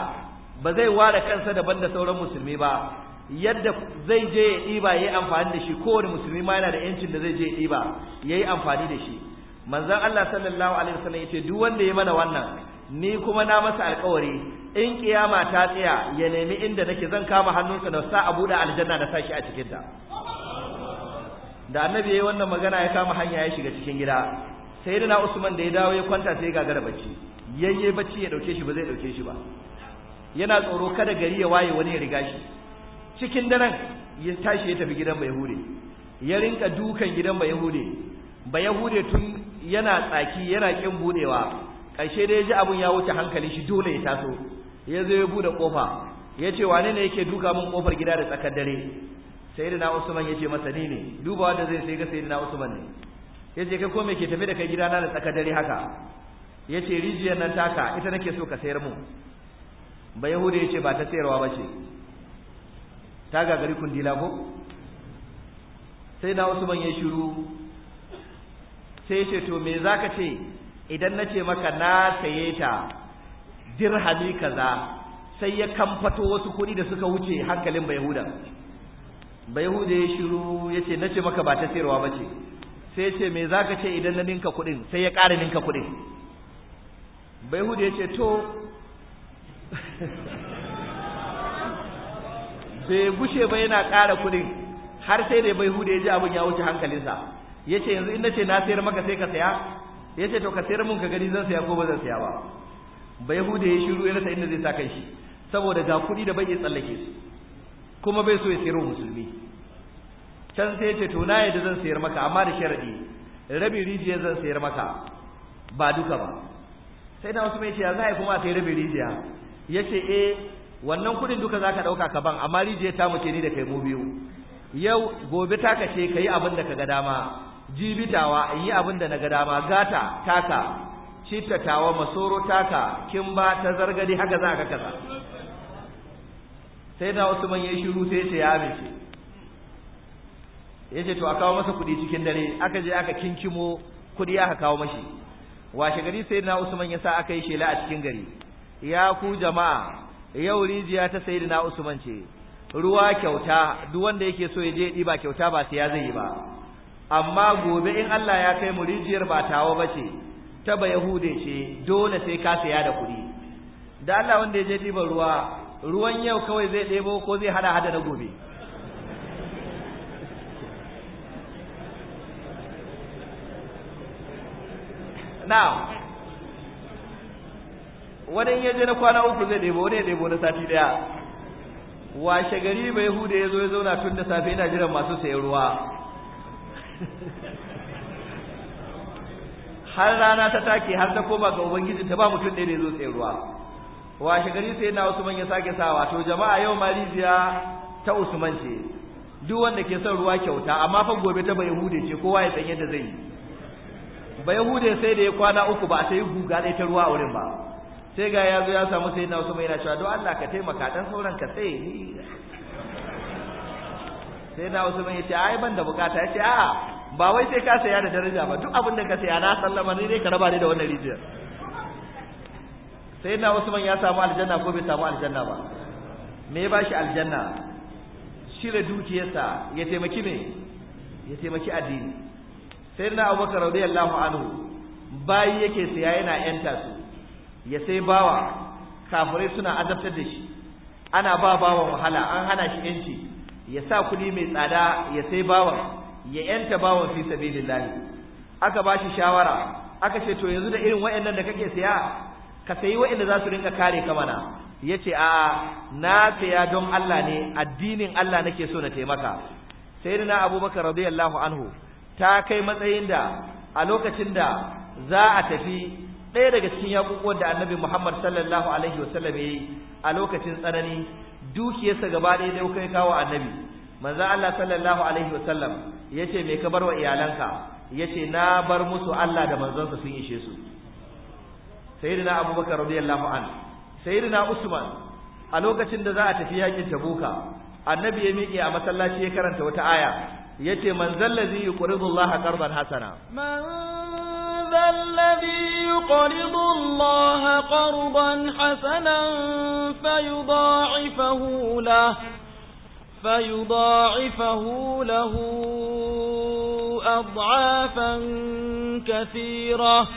ba zai ware kansa daban da sauran musulmi ba yadda zai je ya ɗiba ya yi amfani da shi kowane musulmi ma yana da yancin da zai je ya ɗiba ya yi amfani da shi manzon Allah sallallahu alaihi wasallam ya ce duk wanda ya mana wannan ni kuma na masa alkawari in kiyama ta tsaya ya nemi inda nake zan kama hannunsa da sa a buɗe aljanna da sashi a cikin ta da annabi yayi wannan magana ya kama hanya ya shiga cikin gida sai sayyidina usman da ya dawo ya kwanta sai ya gagara bacci yayye bacci ya dauke shi ba zai dauke shi ba yana tsoro kada gari ya waye wani ya riga shi cikin daren ya tashi ya tafi gidan hude ya rinka dukan gidan ba hude. ya hude tun yana tsaki yana kin budewa ƙarshe da ya ji abun ya wuce hankali shi dole ya taso ya zo ya bude kofa ya ce wane ne yake duka mun kofar gida da tsakar dare sayyidina usman ya ce masa ni ne dubawa da zai sai ga sayyidina usman ne ya ce kai ko me ke tafi da kai gida, na da tsakar dare haka ya ce rijiyar nan taka ita nake so ka sayar mu ba yahuda ya ce ba ta sayarwa ba ce ta gagari kundila ko sai na wasu ban ya shiru sai ce to me zaka ce idan na ce maka na saye ta dirhami kaza sai ya kamfato wasu kuɗi da suka wuce hankalin bayahuda bayahuda ya shiru ya ce na ce maka ba ta sayarwa ba ce sai ce me zaka ce idan na ninka kuɗin sai ya ƙara ninka kuɗin bayahuda ya ce to bai gushe ba yana ƙara kuɗin har sai da bai hude ya ji abin ya wuce hankalinsa ya ce yanzu in na ce na sayar maka sai ka saya ya ce to ka sayar mun ka gani zan saya ko ba zan saya ba bai hude ya shiru ya rasa inda zai sa kan shi saboda ga kuɗi da bai iya tsallake su kuma bai so ya sayar musulmi can sai ya ce to na yadda zan sayar maka amma da sharaɗi rabin rijiya zan sayar maka ba duka ba sai na wasu mai ce ya za a yi kuma a sayar rabin rijiya ya ce eh wannan kudin duka zaka dauka ka ban amma rijiyar ta muke ni da kai mu biyu yau gobe ta kace kai abin da kaga dama jibitawa yi abin da naga dama gata taka cittatawa masoro taka kimba ta zargadi haka za ka kaza sai da Usman ya shiru sai ce ya amince yace to a kawo masa kudi cikin dare aka je aka kinkimo kudi aka kawo mashi washe gari sai na Usman ya sa aka yi shela a cikin gari ya ku jama'a yau rijiya ta sayyidina Usman ce ruwa kyauta duk wanda yake so ya je ɗiba kyauta ba sai ya zai ba amma gobe in Allah ya kai mu rijiyar ba tawo bace ta ba yahude ce dole sai ka saya da kuɗi da Allah wanda ya je ɗiban ruwa ruwan yau kawai zai ɗebo ko zai hada hada na gobe now wani ya je na kwana uku zai ɗebo wani ya ɗebo na sati ɗaya washe gari mai hude ya zo ya zauna tun da safe yana jiran masu sayan ruwa har rana ta take har ta koma ga ubangiji ta ba mutum ɗaya da ya zo sayan ruwa washe gari sai na usman ya sake sawa to jama'a yau ma ta usman ce duk wanda ke son ruwa kyauta amma fa gobe ta bai hude ce kowa ya san yadda zai yi bai hude sai da ya kwana uku ba a yi guga ɗaya ta ruwa a wurin ba sai ga ya zo ya samu sai na Usman yana cewa don Allah ka taimaka dan sauran ka sai ni sai na Usman yace ai ban da bukata yace a'a ba wai sai ka saya da daraja ba duk abin da ka saya na sallama ni ne ka raba ni da wannan rijiyar sai na Usman ya samu aljanna ko bai samu aljanna ba me ya bashi aljanna shire dukiyarsa ya taimaki me ya taimaki addini sai na Abubakar radiyallahu anhu bayi yake saya yana yanta su ya sai bawa kafirai suna azabtar da shi ana ba bawan wahala an hana shi yanci ya sa kuɗi mai tsada ya sai bawa ya yanta bawa fi sabilillahi aka ba shi shawara aka ce to yanzu da irin waɗannan da kake saya ka sayi waɗanda za su rinka kare ka mana ya ce a na saya don Allah ne addinin Allah nake so na taimaka sai na abubakar radiyallahu anhu ta kai matsayin da a lokacin da za a tafi ɗaya daga cikin yaƙuƙuwan da annabi Muhammad sallallahu alaihi wasallam yayi a lokacin tsanani dukiyarsa gaba ɗaya da kai kawo annabi manzo Allah sallallahu alaihi wasallam yace me ka bar wa iyalanka yace na bar musu Allah da manzonsa sun ishe su sayyidina Abubakar radiyallahu an sayyidina Usman a lokacin da za a tafi yakin Tabuka annabi ya miƙe a masallaci ya karanta wata aya yace man zallazi yuqridullaha qardan hasana ذا الذي يقرض الله قرضا حسنا فيضاعفه له فيضاعفه له أضعافا كثيرة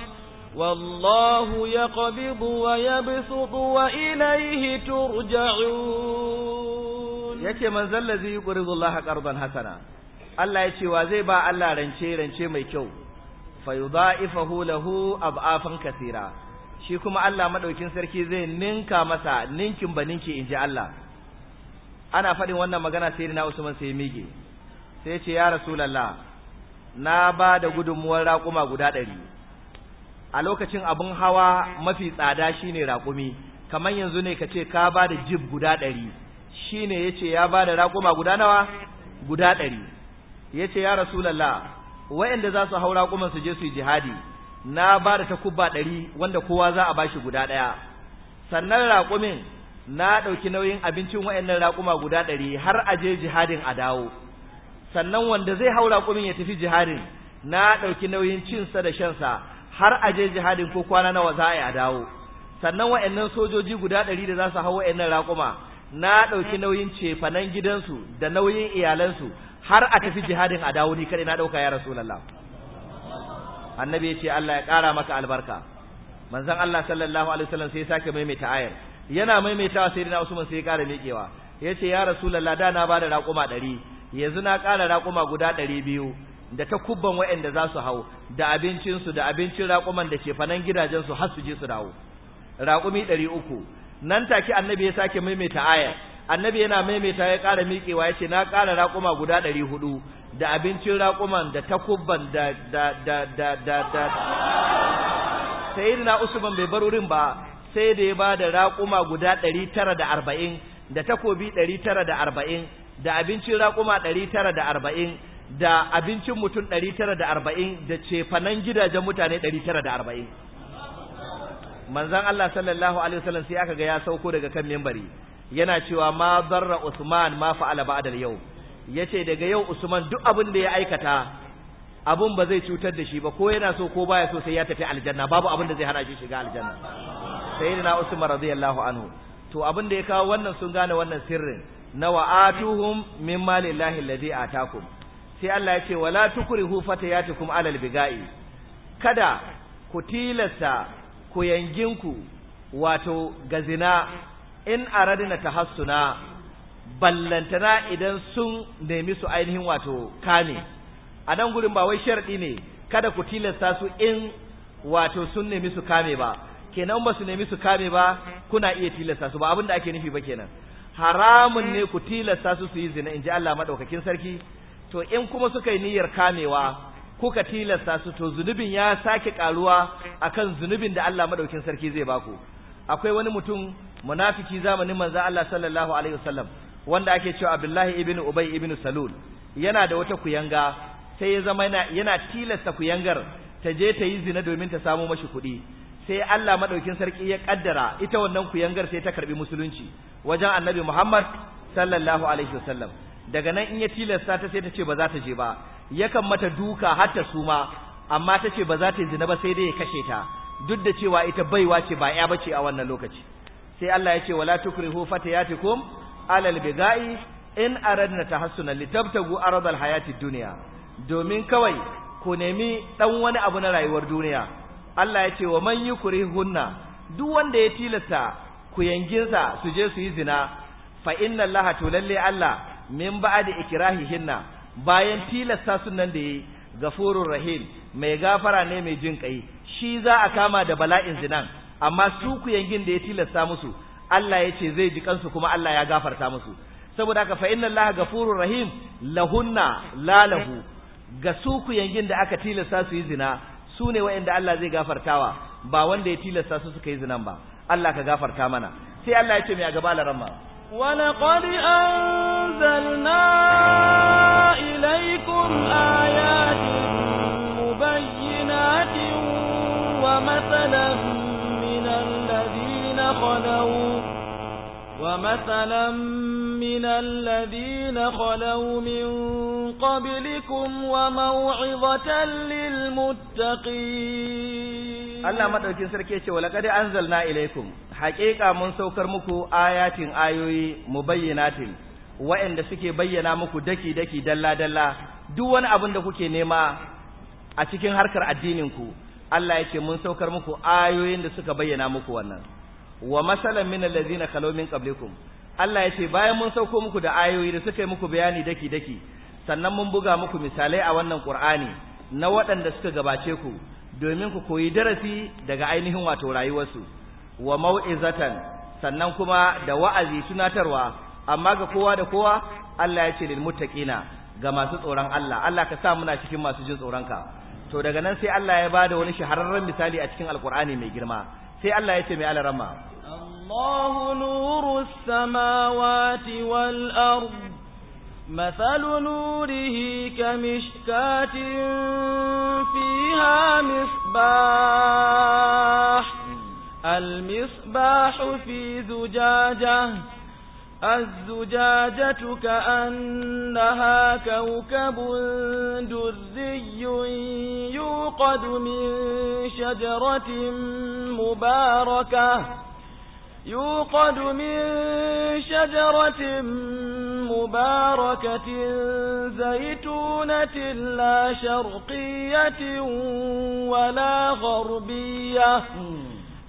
والله يقبض ويبسط وإليه ترجعون يكي من ذا الذي يقرض الله قرضا حسنا الله يشي وزيبا الله رنشي رنشي ميكو fa yudha'ifahu lahu ab'afan kathira shi kuma Allah madaukin sarki zai ninka masa ninkin ba ninki inji Allah ana faɗin wannan magana sai na Usman sai mige sai ce ya rasulullah na ba da gudunmuwar raƙuma guda ɗari a lokacin abin hawa mafi tsada shine raƙumi kamar yanzu ne ka ce ka ba da jib guda ɗari shine yace ya ba da raƙuma guda nawa guda ɗari yace ya rasulullah wayanda za su haura kuma su je su yi jihadi na ba da takubba ɗari wanda kowa za a bashi guda ɗaya sannan raƙumin na ɗauki nauyin abincin wayannan raƙuma guda ɗari har a je jihadin a dawo sannan wanda zai hau raƙumin ya tafi jihadin na ɗauki nauyin cinsa da shansa har a je jihadin ko kwana nawa za a yi a dawo sannan wayannan sojoji guda ɗari da za su hau wayannan raƙuma na ɗauki nauyin cefanen gidansu da nauyin iyalansu har a tafi jihadin a dawo ni kada na dauka ya rasulullah annabi yace Allah ya kara maka albarka manzon Allah sallallahu alaihi wasallam sai ya sake maimaita ayar yana maimaitawa sayyidina Usman sai ya kara miƙewa yace ya rasulullah da na bada raƙuma 100 yanzu na kara raƙuma guda 200 da ta kubban waɗanda za su hau da abincin su da abincin raquman da ke fanan su har su je su dawo raƙumi ɗari uku nan take annabi ya sake maimaita ayar annabi yana maimaita ya ƙara miƙewa ya ce na ƙara raƙuma guda ɗari hudu da abincin raƙuman da takubban da da da da da da na usman bai bar wurin ba sai da ya ba da raƙuma guda ɗari tara da arba'in da takobi ɗari tara da arba'in da abincin raƙuma ɗari tara da arba'in da abincin mutum ɗari tara da arba'in da cefanen gidajen mutane ɗari tara da arba'in manzan Allah sallallahu alaihi wasallam sai aka ga ya sauko daga kan membari yana cewa ma zarra Usman ma fa'ala ba'da yau yace daga yau Usman duk abin da ya aikata abun ba zai cutar da shi ba ko yana so ko baya so sai ya tafi aljanna babu abin da zai hana shi shiga aljanna sayyidina Usman radiyallahu anhu to abin da ya kawo wannan sun gane wannan sirrin na wa'atuhum min malillahi allazi atakum sai Allah ya ce wala tukrihu fatayatukum alal bigai kada ku tilasta ku yanginku wato gazina in aradina tahassuna ballantana idan sun nemi su ainihin wato kame a nan gurin ba wai sharadi ne kada ku tilasta su in wato sun nemi su kame ba kenan ba su nemi su kame ba kuna iya tilasta su ba abin da ake nufi ba kenan haramun ne ku tilasta su su yi zina in ji Allah madaukakin sarki to in kuma suka yi niyyar kamewa kuka tilasta su to zunubin ya sake karuwa akan zunubin da Allah madaukakin sarki zai baku akwai wani mutum munafiki zamanin manzo Allah sallallahu alaihi wasallam wanda ake cewa Abdullahi ibn Ubay ibn Salul yana da wata kuyanga sai ya zama yana yana tilasta kuyangar ta je ta yi zina domin ta samu mashi kuɗi sai Allah madaukin sarki ya kaddara ita wannan kuyangar sai ta karbi musulunci wajen Annabi Muhammad sallallahu alaihi wasallam daga nan in ya tilasta ta sai ta ce ba za ta je ba yakan mata duka har ta suma amma ta ce ba za ta yi zina ba sai dai ya kashe ta duk da cewa ita baiwa ce ba ya bace a wannan lokaci sai Allah ya ce wala tukrihu fatayatikum alal bigai in aradna tahassuna litabtagu aradal hayati dunya domin kawai ku nemi dan wani abu na rayuwar duniya Allah ya ce wa man yukrihunna duk wanda ya tilasta ku yanginsa su je su yi zina fa inna Allah tulalli Allah min ba'di ikrahihinna bayan tilasta sunan da yi gafurur rahim mai gafara ne mai jin kai shi za a kama da bala'in zinan amma su yankin da ya tilasta musu Allah ya ce zai ji kansu kuma Allah ya gafarta musu saboda haka fa inna Allah gafurur rahim lahunna la lahu ga su yankin da aka tilasta su yi zina su ne waɗanda Allah zai gafartawa ba wanda ya tilasta su suka yi zinan ba Allah ka gafarta mana sai Allah ya ce mai a gaba laran ma ولقد أنزلنا إليكم آيات مبينات ومثلا خلوا ومثلا من الذين خلوا من قبلكم وموعظة للمتقين Allah madaukin sarki yace wa laqad anzalna ilaykum haƙiƙa mun saukar muku ayatin ayoyi mubayyinatin wa'anda suke bayyana muku daki daki dalla dalla duk wani abin da kuke nema a cikin harkar addinin ku Allah ce mun saukar muku ayoyin da suka bayyana muku wannan wa masalan min allazina khalaw min qablikum Allah ya ce bayan mun sauko muku da ayoyi da suka yi muku bayani daki daki sannan mun buga muku misalai a wannan Qur'ani na waɗanda suka gabace ku domin ku koyi darasi daga ainihin wato rayuwarsu wa mau'izatan sannan kuma da wa'azi tunatarwa amma ga kowa da kowa Allah ya ce lil muttaqina ga masu tsoron Allah Allah ka sa muna cikin masu jin tsoronka to daga nan sai Allah ya bada wani shahararren misali a cikin alqur'ani mai girma sai Allah ya ce mai alarama Allahu nuru samawati wal ard مثل نوره كمشكاة فيها مصباح المصباح في زجاجه الزجاجة كأنها كوكب دري يوقد من شجرة مباركة يوقد من شجرة مباركة زيتونة لا شرقية ولا غربية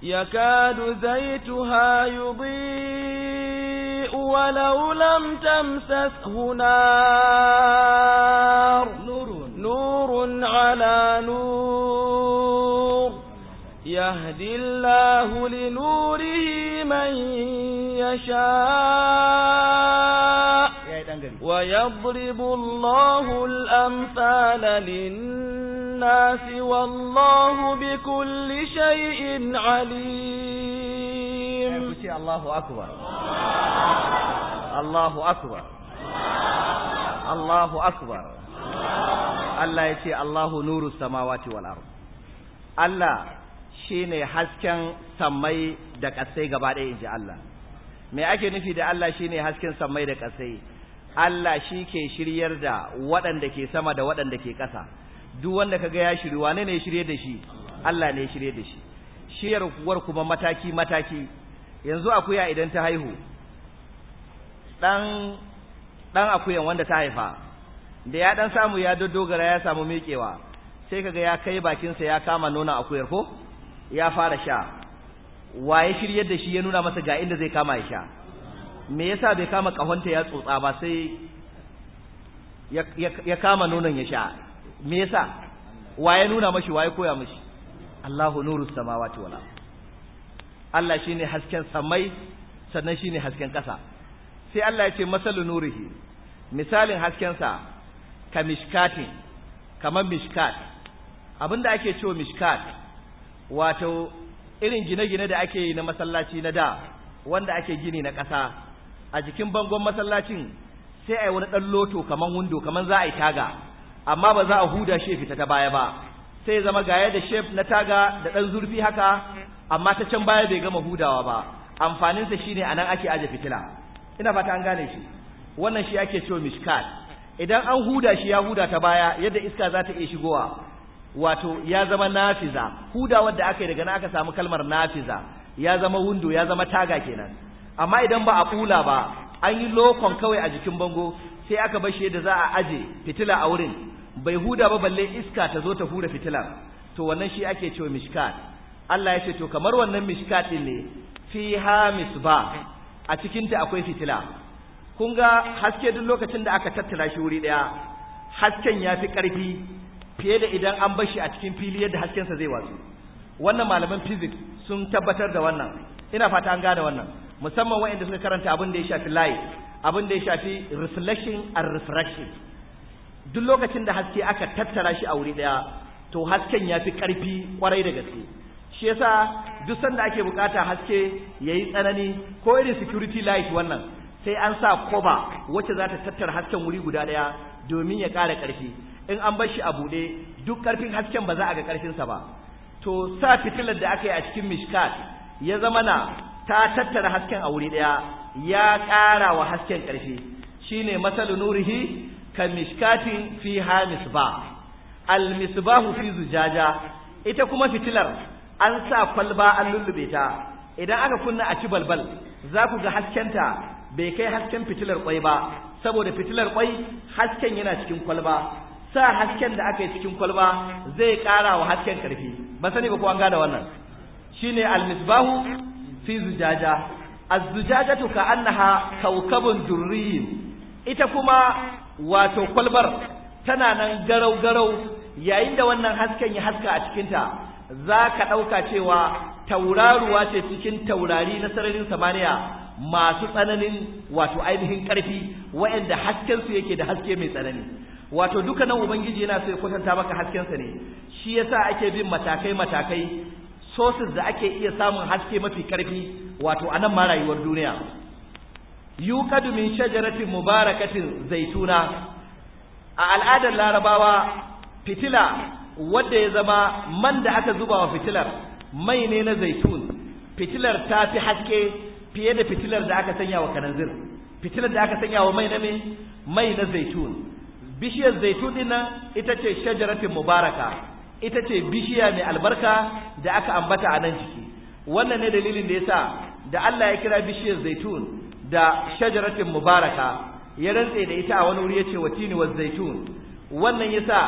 يكاد زيتها يضيء ولو لم تمسسه نار نور, نور على نور يهدي الله لنوره من يشاء ويضرب الله الأمثال للناس والله بكل شيء عليم الله أكبر الله أكبر الله أكبر Allah ce Allahu nuru samawati wal ard. Allah shi hasken sammai da ƙasai gaba ɗaya in ji Allah. Me ake nufi da Allah shine hasken sammai da ƙasai? Allah shi ke shiryar da waɗanda ke sama da waɗanda ke ƙasa duk wanda ka ga ya shiri wane ne shirye da shi Allah ne shirye da shi kuwar kuma mataki mataki yanzu akuya idan ta haihu ɗan akuyan wanda ta haifa da ya dan samu ya dogara ya samu miƙewa sai kaga ya kai bakinsa ya kama nuna akuyar ko ya fara sha ya shiryar da shi ya nuna masa ga inda zai kama ya sha me yasa bai kama kahonta ya tsotsa ba sai ya kama nonon ya sha me yasa waye nuna mashi waye koya mashi Allahu nuru samawati wal Allah shine hasken samai sannan shine hasken kasa sai Allah ya ce masalun nurihi misalin hasken sa ka mishkatin kamar mishkat abinda ake cewa mishkat wato irin gine-gine da ake yi na masallaci na da wanda ake gini na ƙasa a jikin bangon masallacin sai a yi wani ɗan loto kaman wundo kaman za a yi taga amma ba za a huda shi fita ta baya ba sai ya zama gaya da shef na taga da ɗan zurfi haka amma ta can baya bai gama hudawa ba amfaninsa shine nan ake aje fitila ina fata an gane shi wannan shi ake cewa mishkat idan an huda shi ya huda ta baya yadda iska za ta iya shigowa wato ya zama nafiza hudawar da aka yi daga nan aka samu kalmar nafiza ya zama wundo, ya zama taga kenan amma idan ba a kula ba an yi lokon kawai a jikin bango sai aka bar shi yadda za a aje fitila a wurin bai huda ba balle iska ta zo ta hura fitilar to wannan shi ake cewa mishkat Allah ya ce to kamar wannan mishkat din ne fiha misba a cikin ta akwai fitila kun ga haske duk lokacin da aka tattara shi wuri daya hasken ya fi karfi fiye da idan an bar shi a cikin fili yadda haskensa zai watsu wannan malaman physics sun tabbatar da wannan ina fata an gane wannan musamman waɗanda suka karanta abin da ya shafi light abin da ya shafi reflection and refraction duk lokacin da haske aka tattara shi a wuri daya to hasken ya fi ƙarfi kwarai da gaske shi yasa duk sanda ake bukata haske ya yi tsanani ko irin security light wannan sai an sa koba wacce za ta tattara hasken wuri guda daya domin ya ƙara ƙarfi in an bar shi a buɗe duk ƙarfin hasken ba za a ga ƙarfinsa ba to sa fitilar da aka yi a cikin mishkat ya zama na ta tattara hasken a wuri daya ya ƙara wa hasken ƙarfi shine masalu nurihi ka mishkatin fiha misbah al misbahu fi zujaja ita kuma fitilar an sa kwalba an lullube ta idan aka kunna a ci balbal za ku ga haskenta bai kai hasken fitilar kwai ba saboda fitilar kwai hasken yana cikin kwalba sa hasken da aka yi cikin kwalba zai ƙara wa hasken ƙarfi ba sani ba ko an gada wannan shine al misbahu fi zujaja to ka ka'annaha kaukabun durriy ita kuma wato kwalbar tana nan garau garau yayin da wannan hasken ya haska a cikin ta zaka dauka cewa tauraruwa ce cikin taurari na sararin samaniya masu tsananin wato ainihin karfi wa'anda hasken su yake da haske mai tsanani wato duka nan ubangiji yana so ya kwatanta maka haskensa ne shi yasa ake bin matakai matakai sources da ake iya samun haske mafi karfi wato a nan ma rayuwar duniya yuqadu min shajaratin mubarakatin zaituna a al'adar larabawa fitila wanda ya zama man da aka zuba wa fitilar mai ne na zaitun fitilar ta fi haske fiye da fitilar da aka sanya wa kananzir fitilar da aka sanya wa mai na mai na zaitun bishiyar zaitun dinnan ita ce shajaratin mubaraka ita ce bishiya mai albarka da aka ambata a nan ciki wannan ne dalilin da yasa da Allah ya kira bishiyar zaitun da shajaratin mubaraka ya rantse da ita a wani wuri yace watini wa zaitun wannan yasa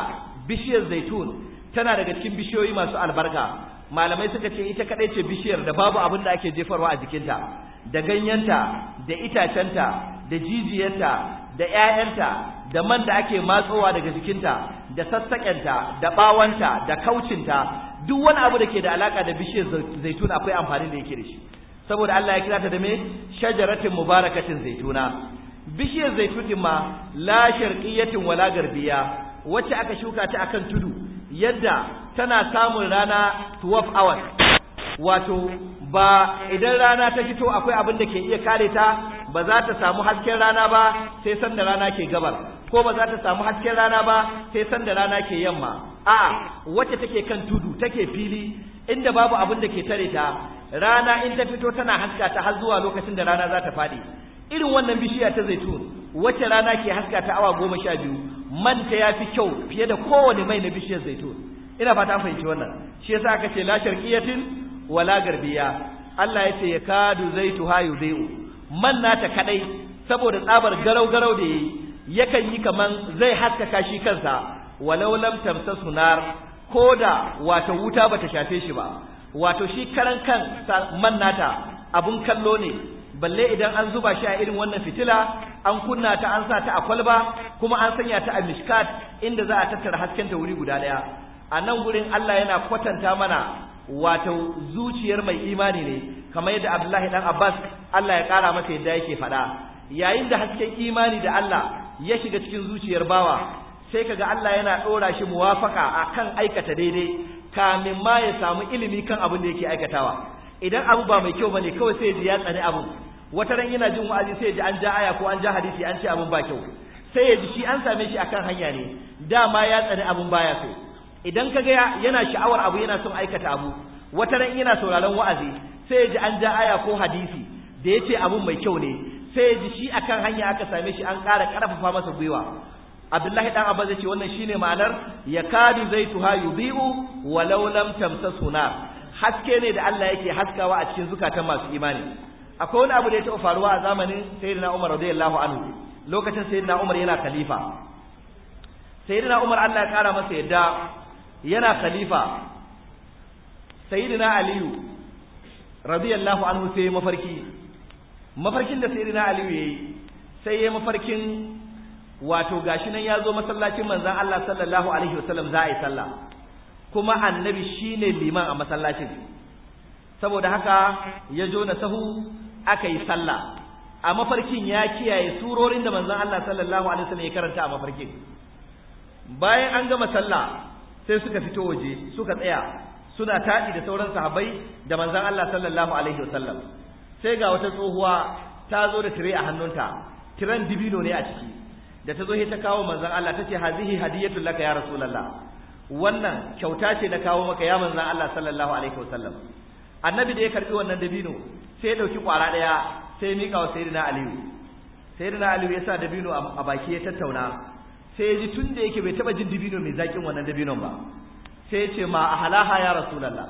bishiyar zaitun tana daga cikin bishiyoyi masu albarka malamai suka ce ita kadai ce bishiyar da babu abin da ake jefarwa a jikinta da ganyenta da itacenta da jijiyanta da 'ya'yanta da man da ake matsowa daga jikinta da sassaƙenta da ɓawanta da kaucinta duk wani abu da ke da alaka da bishiyar zaitun akwai amfani da yake da shi saboda Allah ya kira ta da me shajaratin mubarakatin zaituna bishiyar zaitun ma la sharqiyatin wala garbiya wacce aka shuka ta akan tudu yadda tana samun rana 12 hours wato ba idan rana ta fito akwai abin da ke iya kare ta ba za ta samu hasken rana ba sai san da rana ke gabar ko ba za ta samu hasken rana ba sai san da rana ke yamma a wacce take kan tudu take fili inda babu abin da ke tare ta rana in ta fito tana haska ta har zuwa lokacin da rana za ta faɗi irin wannan bishiya ta zaitun wacce rana ke haska ta awa goma sha biyu manta ya fi kyau fiye da kowane mai na bishiyar zaitun ina fata fahimci wannan shi yasa aka ce la sharqiyatin wala garbiya Allah ya ce ya kadu zaitu hayu zai'u man nata kadai saboda tsabar garau garau da yayi yakan yi kaman zai haskaka shi kansa walau lam tamsa sunar koda wato wuta bata shafe shi ba wato shi karan kan man nata abun kallo ne balle idan an zuba shi a irin wannan fitila an kunna ta an sa ta a kwalba kuma an sanya ta a mishkat inda za a tattara hasken ta wuri guda daya a nan gurin Allah yana kwatanta mana wato zuciyar mai imani ne kamar yadda Abdullahi dan Abbas Allah ya kara masa yadda yake faɗa yayin da hasken imani da Allah ya shiga cikin zuciyar bawa sai kaga Allah yana dora shi muwafaka akan aikata daidai kamin ma ya samu ilimi kan abin da yake aikatawa idan abu ba mai kyau bane kawai sai ji ya tsani abu wata ran yana jin wa'azi sai ji an ja aya ko an ja hadisi an ce abin ba kyau sai ya ji shi an same shi akan hanya ne dama ya tsani abin baya so idan ka ga yana sha'awar abu yana son aikata abu wata ran yana sauraron wa'azi sai ya ji an ja aya ko hadisi da ya ce abun mai kyau ne sai ya ji shi akan hanya aka same shi an ƙara ƙarfafa masa gwiwa Abdullahi dan zai ce wannan shine ma'anar Ya-kadu yakadu zaituha yubi'u walau tamsa suna haske ne da Allah yake haskawa a cikin zukatan masu imani akwai wani abu da ya taɓa faruwa a zamanin sayyidina Umar radiyallahu anhu lokacin sayyidina Umar yana khalifa sayyidina Umar Allah ya kara masa yadda yana khalifa sayyidina aliyu radiyallahu anhu sai mafarki mafarkin da sayyidina aliyu yayi sai yayi mafarkin wato gashi nan ya zo masallacin manzon Allah sallallahu alaihi wasallam za a yi sallah kuma annabi shine liman a masallacin saboda haka ya jo na sahu aka yi sallah a mafarkin ya kiyaye surorin da manzon Allah sallallahu alaihi wasallam ya karanta a mafarkin bayan an gama sallah sai suka fito waje suka tsaya suna taɗi da sauran sahabbai da manzan Allah sallallahu alaihi wasallam sai ga wata tsohuwa ta zo da tire a hannunta tiran dibino ne a ciki da ta zo ta kawo manzon Allah tace hazihi hadiyatu laka ya rasulullah wannan kyauta ce na kawo maka ya manzan Allah sallallahu alaihi wasallam annabi da ya karbi wannan dibino sai ya dauki kwara daya sai ya mika wa sayyidina aliyu sayyidina aliyu ya sa dibino a baki ya tattauna sai ji tun da yake bai taba jin dabino mai zakin wannan dabinon ba sai ya ce ma halaha ya rasulullah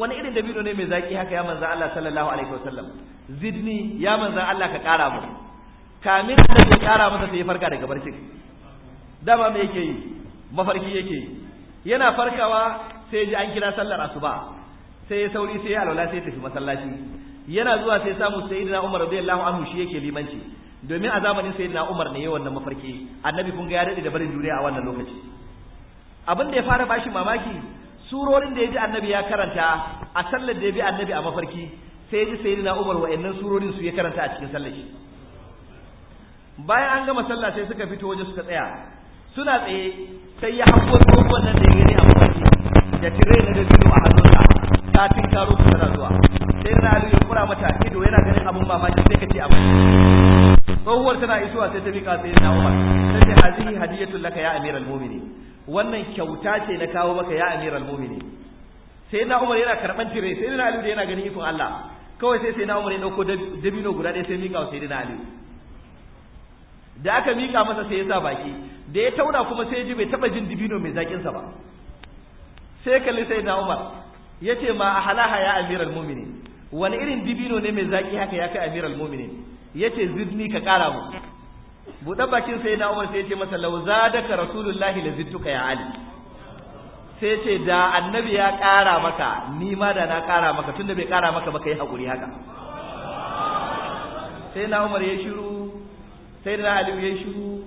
wani irin dabino ne mai zaki haka ya manzan Allah sallallahu alaihi wasallam zidni ya manzan Allah ka kara mu kamin da ya kara masa sai ya farka daga barkin dama me yake yi mafarki yake yi yana farkawa sai ji an kira sallar asuba sai ya sauri sai ya alwala sai ya tafi masallaci yana zuwa sai samu sayyidina Umar radiyallahu anhu shi yake limanci domin a zamanin na Umar ne yawan na mafarki annabi kun ga ya dade da barin duniya a wannan lokaci abin da ya fara bashi mamaki surorin da ya ji annabi ya karanta a sallar da ya bi annabi a mafarki sai ya ji na Umar wa'annan surorin su ya karanta a cikin sallar shi bayan an gama sallah sai suka fito waje suka tsaya suna tsaye sai ya hango tsohon nan da ya gani a mafarki da tire na da a hannun tana isuwa sai ta miƙa sai na Umar sai ta hazihi hadiyatul laka ya amiral mu'minin wannan kyauta ce na kawo maka ya amiral mu'minin sai na Umar yana karban tire sai na Ali da yana ganin ikon Allah kawai sai sai na Umar ya dauko dabino guda ɗaya sai miƙa sai na Ali da aka miƙa masa sai ya sa baki da ya tauna kuma sai ya ji bai taba jin dabino mai zakin sa ba sai kalli sai na Umar yace ma ahalaha ya amiral mu'minin wani irin dibino ne mai zaki haka ya kai amiral mu'minin yace zidni ka kara mu buɗe bakin sai na Umar sai yace masa law zadaka rasulullahi la zidtuka ya ali sai ce da annabi ya kara maka ni ma da na kara maka tunda bai kara maka ba kai hakuri haka sai na Umar ya shiru sai na Ali ya shiru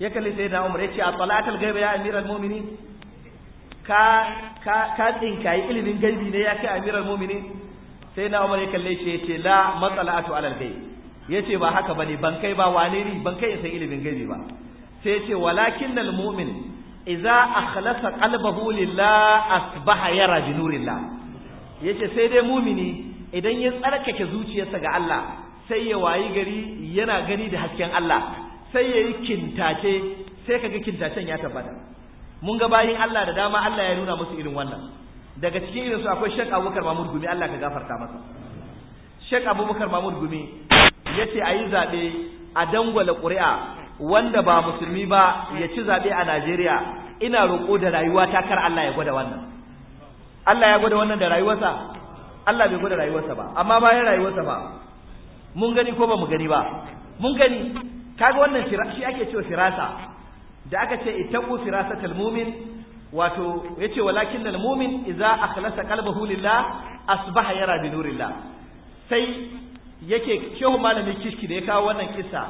ya kalli sai na Umar ya ce a salatul ghaib ya amiral mu'minin ka ka ka tsinkayi ilimin gaibi ne ya kai amiral mu'minin sai na Umar ya kalle shi yace ce la matsalatu alal ghaib yace ba haka bane ban kai ba wane ne ban kai san ilimin gani ba sai yace walakinnal mu'min idza akhlasa qalbahu lillah asbaha yara bi nurillah yace sai dai mumini idan ya tsarkake zuciyarsa ga Allah sai ya wayi gari yana gani da hasken Allah sai yayi kintace sai kaga kintacen ya tabbata mun ga bayin Allah da dama Allah ya nuna musu irin wannan daga cikin irin su akwai shek Abubakar Mahmud Gumi Allah ka gafarta masa Shek Abubakar Mahmud Gumi yace ayi zaɓe a dangwala ƙuri'a wanda ba musulmi ba ya ci zabe a Najeriya ina roƙo da rayuwa ta kar Allah ya gwada wannan Allah ya gwada wannan da rayuwarsa Allah bai gwada rayuwarsa ba amma bayan rayuwarsa ba mun gani ko ba mu gani ba mun gani kaga wannan shi ake cewa firasa da aka ce itabu firasatal mu'min wato yace walakin al mu'min idza akhlasa qalbahu lillah asbaha yara bi nurillah sai yake shehu malamin kishki da ya kawo wannan kisa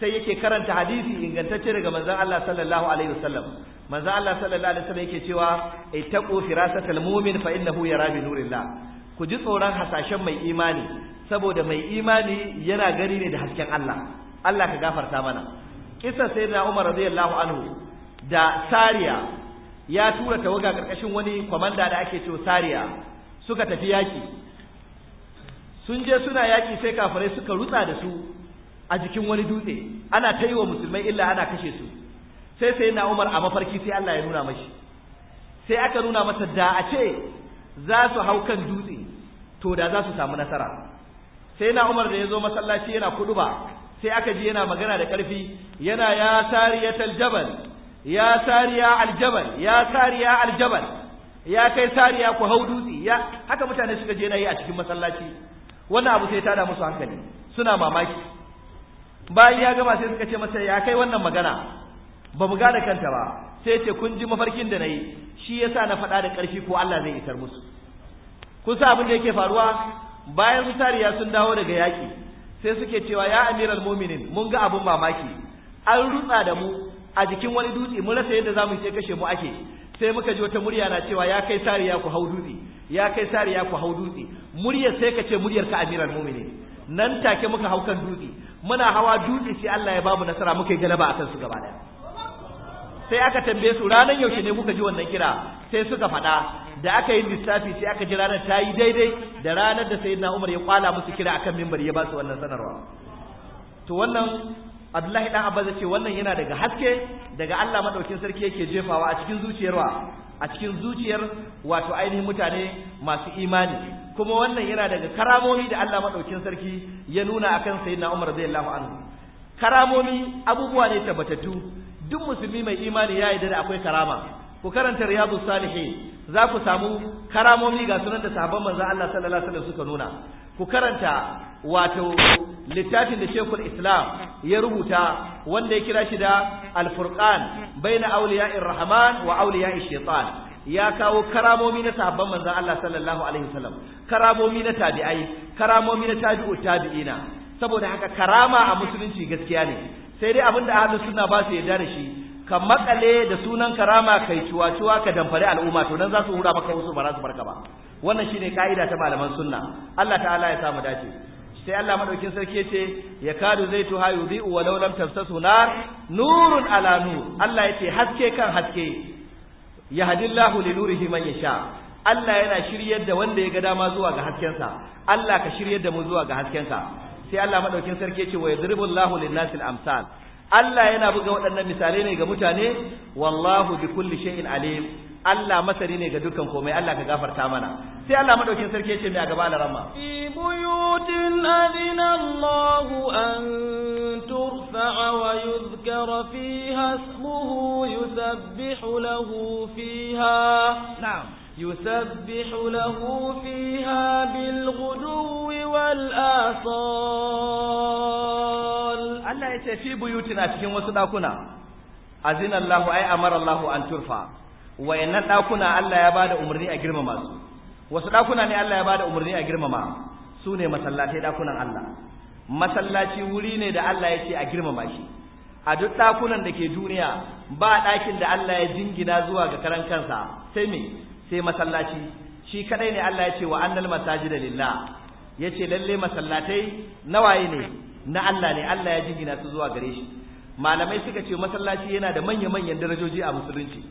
sai yake karanta hadisi ingantacce daga manzon Allah sallallahu alaihi wasallam manzon Allah sallallahu alaihi wasallam yake cewa ai taqu firasatal mu'min fa innahu yara bi nurillah ku ji tsoron hasashen mai imani saboda mai imani yana gari ne da hasken Allah Allah ka gafarta mana kisa sayyidina Umar radiyallahu anhu da Sariya ya tura tawaga karkashin wani komanda da ake cewa Sariya suka tafi yaki sun je suna yaƙi sai kafirai suka rutsa da su a jikin wani dutse ana ta yi wa musulmai illa ana kashe su sai sai na umar a mafarki sai Allah ya nuna mashi sai aka nuna masa da a ce za su hau kan dutse to da za su samu nasara sai na umar da ya zo masallaci yana kuduba sai aka ji yana magana da ƙarfi yana ya sariyatal jabal ya sariya aljabal ya sariya aljabal ya kai sariya ku hau dutse ya haka mutane suka je na yi a cikin masallaci wannan abu sai ta da musu hankali suna mamaki bayan ya gama sai suka ce masa ya kai wannan magana ba mu gane kanta ba sai ce kun ji mafarkin da na yi shi yasa na faɗa da ƙarfi ko Allah zai isar musu kun sa abin da yake faruwa bayan su tariya sun dawo daga yaƙi sai suke cewa ya amiral muminin mun ga abin mamaki an rutsa da mu a jikin wani dutse mun rasa yadda zamu ce kashe mu ake sai muka ji wata murya na cewa ya kai sariya ku hau dutse ya kai sariya ku hau dutse muryar sai ka ce muryar ka amiran mu'minin nan take muka hau kan dutse muna hawa dutse sai Allah ya babu nasara muka yi galaba akan su gaba daya sai aka tambaye su ranar yaushe ne kuka ji wannan kira sai suka faɗa da aka yi lissafi sai aka ji ranar ta yi daidai da ranar da sayyidina Umar ya kwala musu kira akan mimbar ya ba su wannan sanarwa to wannan Abdullahi dan Abbas ya ce wannan yana daga haske daga Allah madaukin sarki yake jefawa a cikin zuciyarwa a cikin zuciyar wato ainihin mutane masu imani kuma wannan yana daga karamomi da Allah madaukin sarki ya nuna akan sayyidina Umar radiyallahu anhu karamomi abubuwa ne tabbatattu duk musulmi mai imani ya yarda da akwai karama ku karanta riyadu salihin za ku samu karamomi ga sunan da sahabban manzon Allah sallallahu alaihi wasallam suka nuna ku karanta wato littafin da shekul islam ya rubuta wanda ya kira shi da alfurqan baina auliya'ir rahman wa auliya'ish shaitan ya kawo karamomi na sahabban manzan Allah sallallahu alaihi wasallam karamomi na tabi'ai karamomi na tabi'u tabi'ina saboda haka karama a musulunci gaskiya ne sai dai abinda ahlus sunna ba su yarda da shi ka makale da sunan karama kai ciwa-ciwa ka damfari al'umma to dan za su hura maka wasu ba za barka ba wannan shine ka'ida ta malaman sunna Allah ta'ala ya samu dace sai Allah madaukin sarki ce ya kadu zaitu ha yudhi'u walau lam tamsasu nar nurun ala nur Allah yace haske kan haske hadillahu li nurihi man sha Allah yana shiryar da wanda ya ga dama zuwa ga haskensa Allah ka shiryar da mu zuwa ga haskensa. sai Allah madaukin sarki ce wa yadribullahu lin-nasi al-amsal Allah yana buga waɗannan misalai ne ga mutane wallahu bi kulli shay'in alim Allah masari ne ga dukkan komai Allah ka gafarta mana sai Allah madaukin sarki ce mai a gaba alarama fi buyutin adina Allahu an turfa'a wa yuzkara fiha ismuhu yusabbihu lahu fiha na'am يسبح له فيها بالغدو والآصال الله يتفي بيوتنا تكين وصداكنا أزين الله أي أمر الله أن ترفع wayannan ɗakuna Allah ya bada umarni a girmama su wasu ɗakuna ne Allah ya bada umarni a girmama su ne masallatai ɗakunan Allah masallaci wuri ne da Allah ya ce a girmama shi a duk ɗakunan da ke duniya ba ɗakin da Allah ya jingina zuwa ga karan kansa sai me sai masallaci shi kadai ne Allah ya ce wa annal masajida lillah yace lalle masallatai nawaye ne na Allah ne Allah ya jingina su zuwa gare shi malamai suka ce masallaci yana da manya-manyan darajoji a musulunci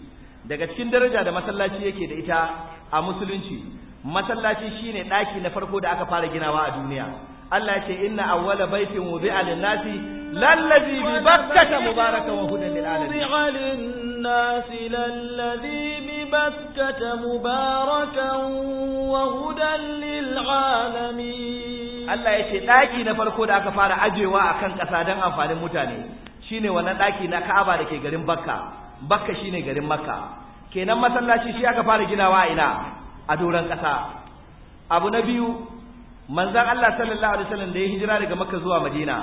daga cikin daraja da masallaci yake da ita a musulunci masallaci shine daki na farko da aka fara ginawa a duniya Allah ya ce inna awwala baitin wudi'a lin-nasi lallazi bi bakkata mubarakan wa hudan lil alamin bakkata mubarakan wa hudan lil Allah ya ce daki na farko da aka fara ajewa akan kasa dan amfanin mutane shine wannan daki na Ka'aba dake garin Bakka bakka shine garin makka kenan masallaci shi aka fara ginawa ina a doron ƙasa abu na biyu manzan Allah sallallahu alaihi wasallam da ya hijira daga makka zuwa madina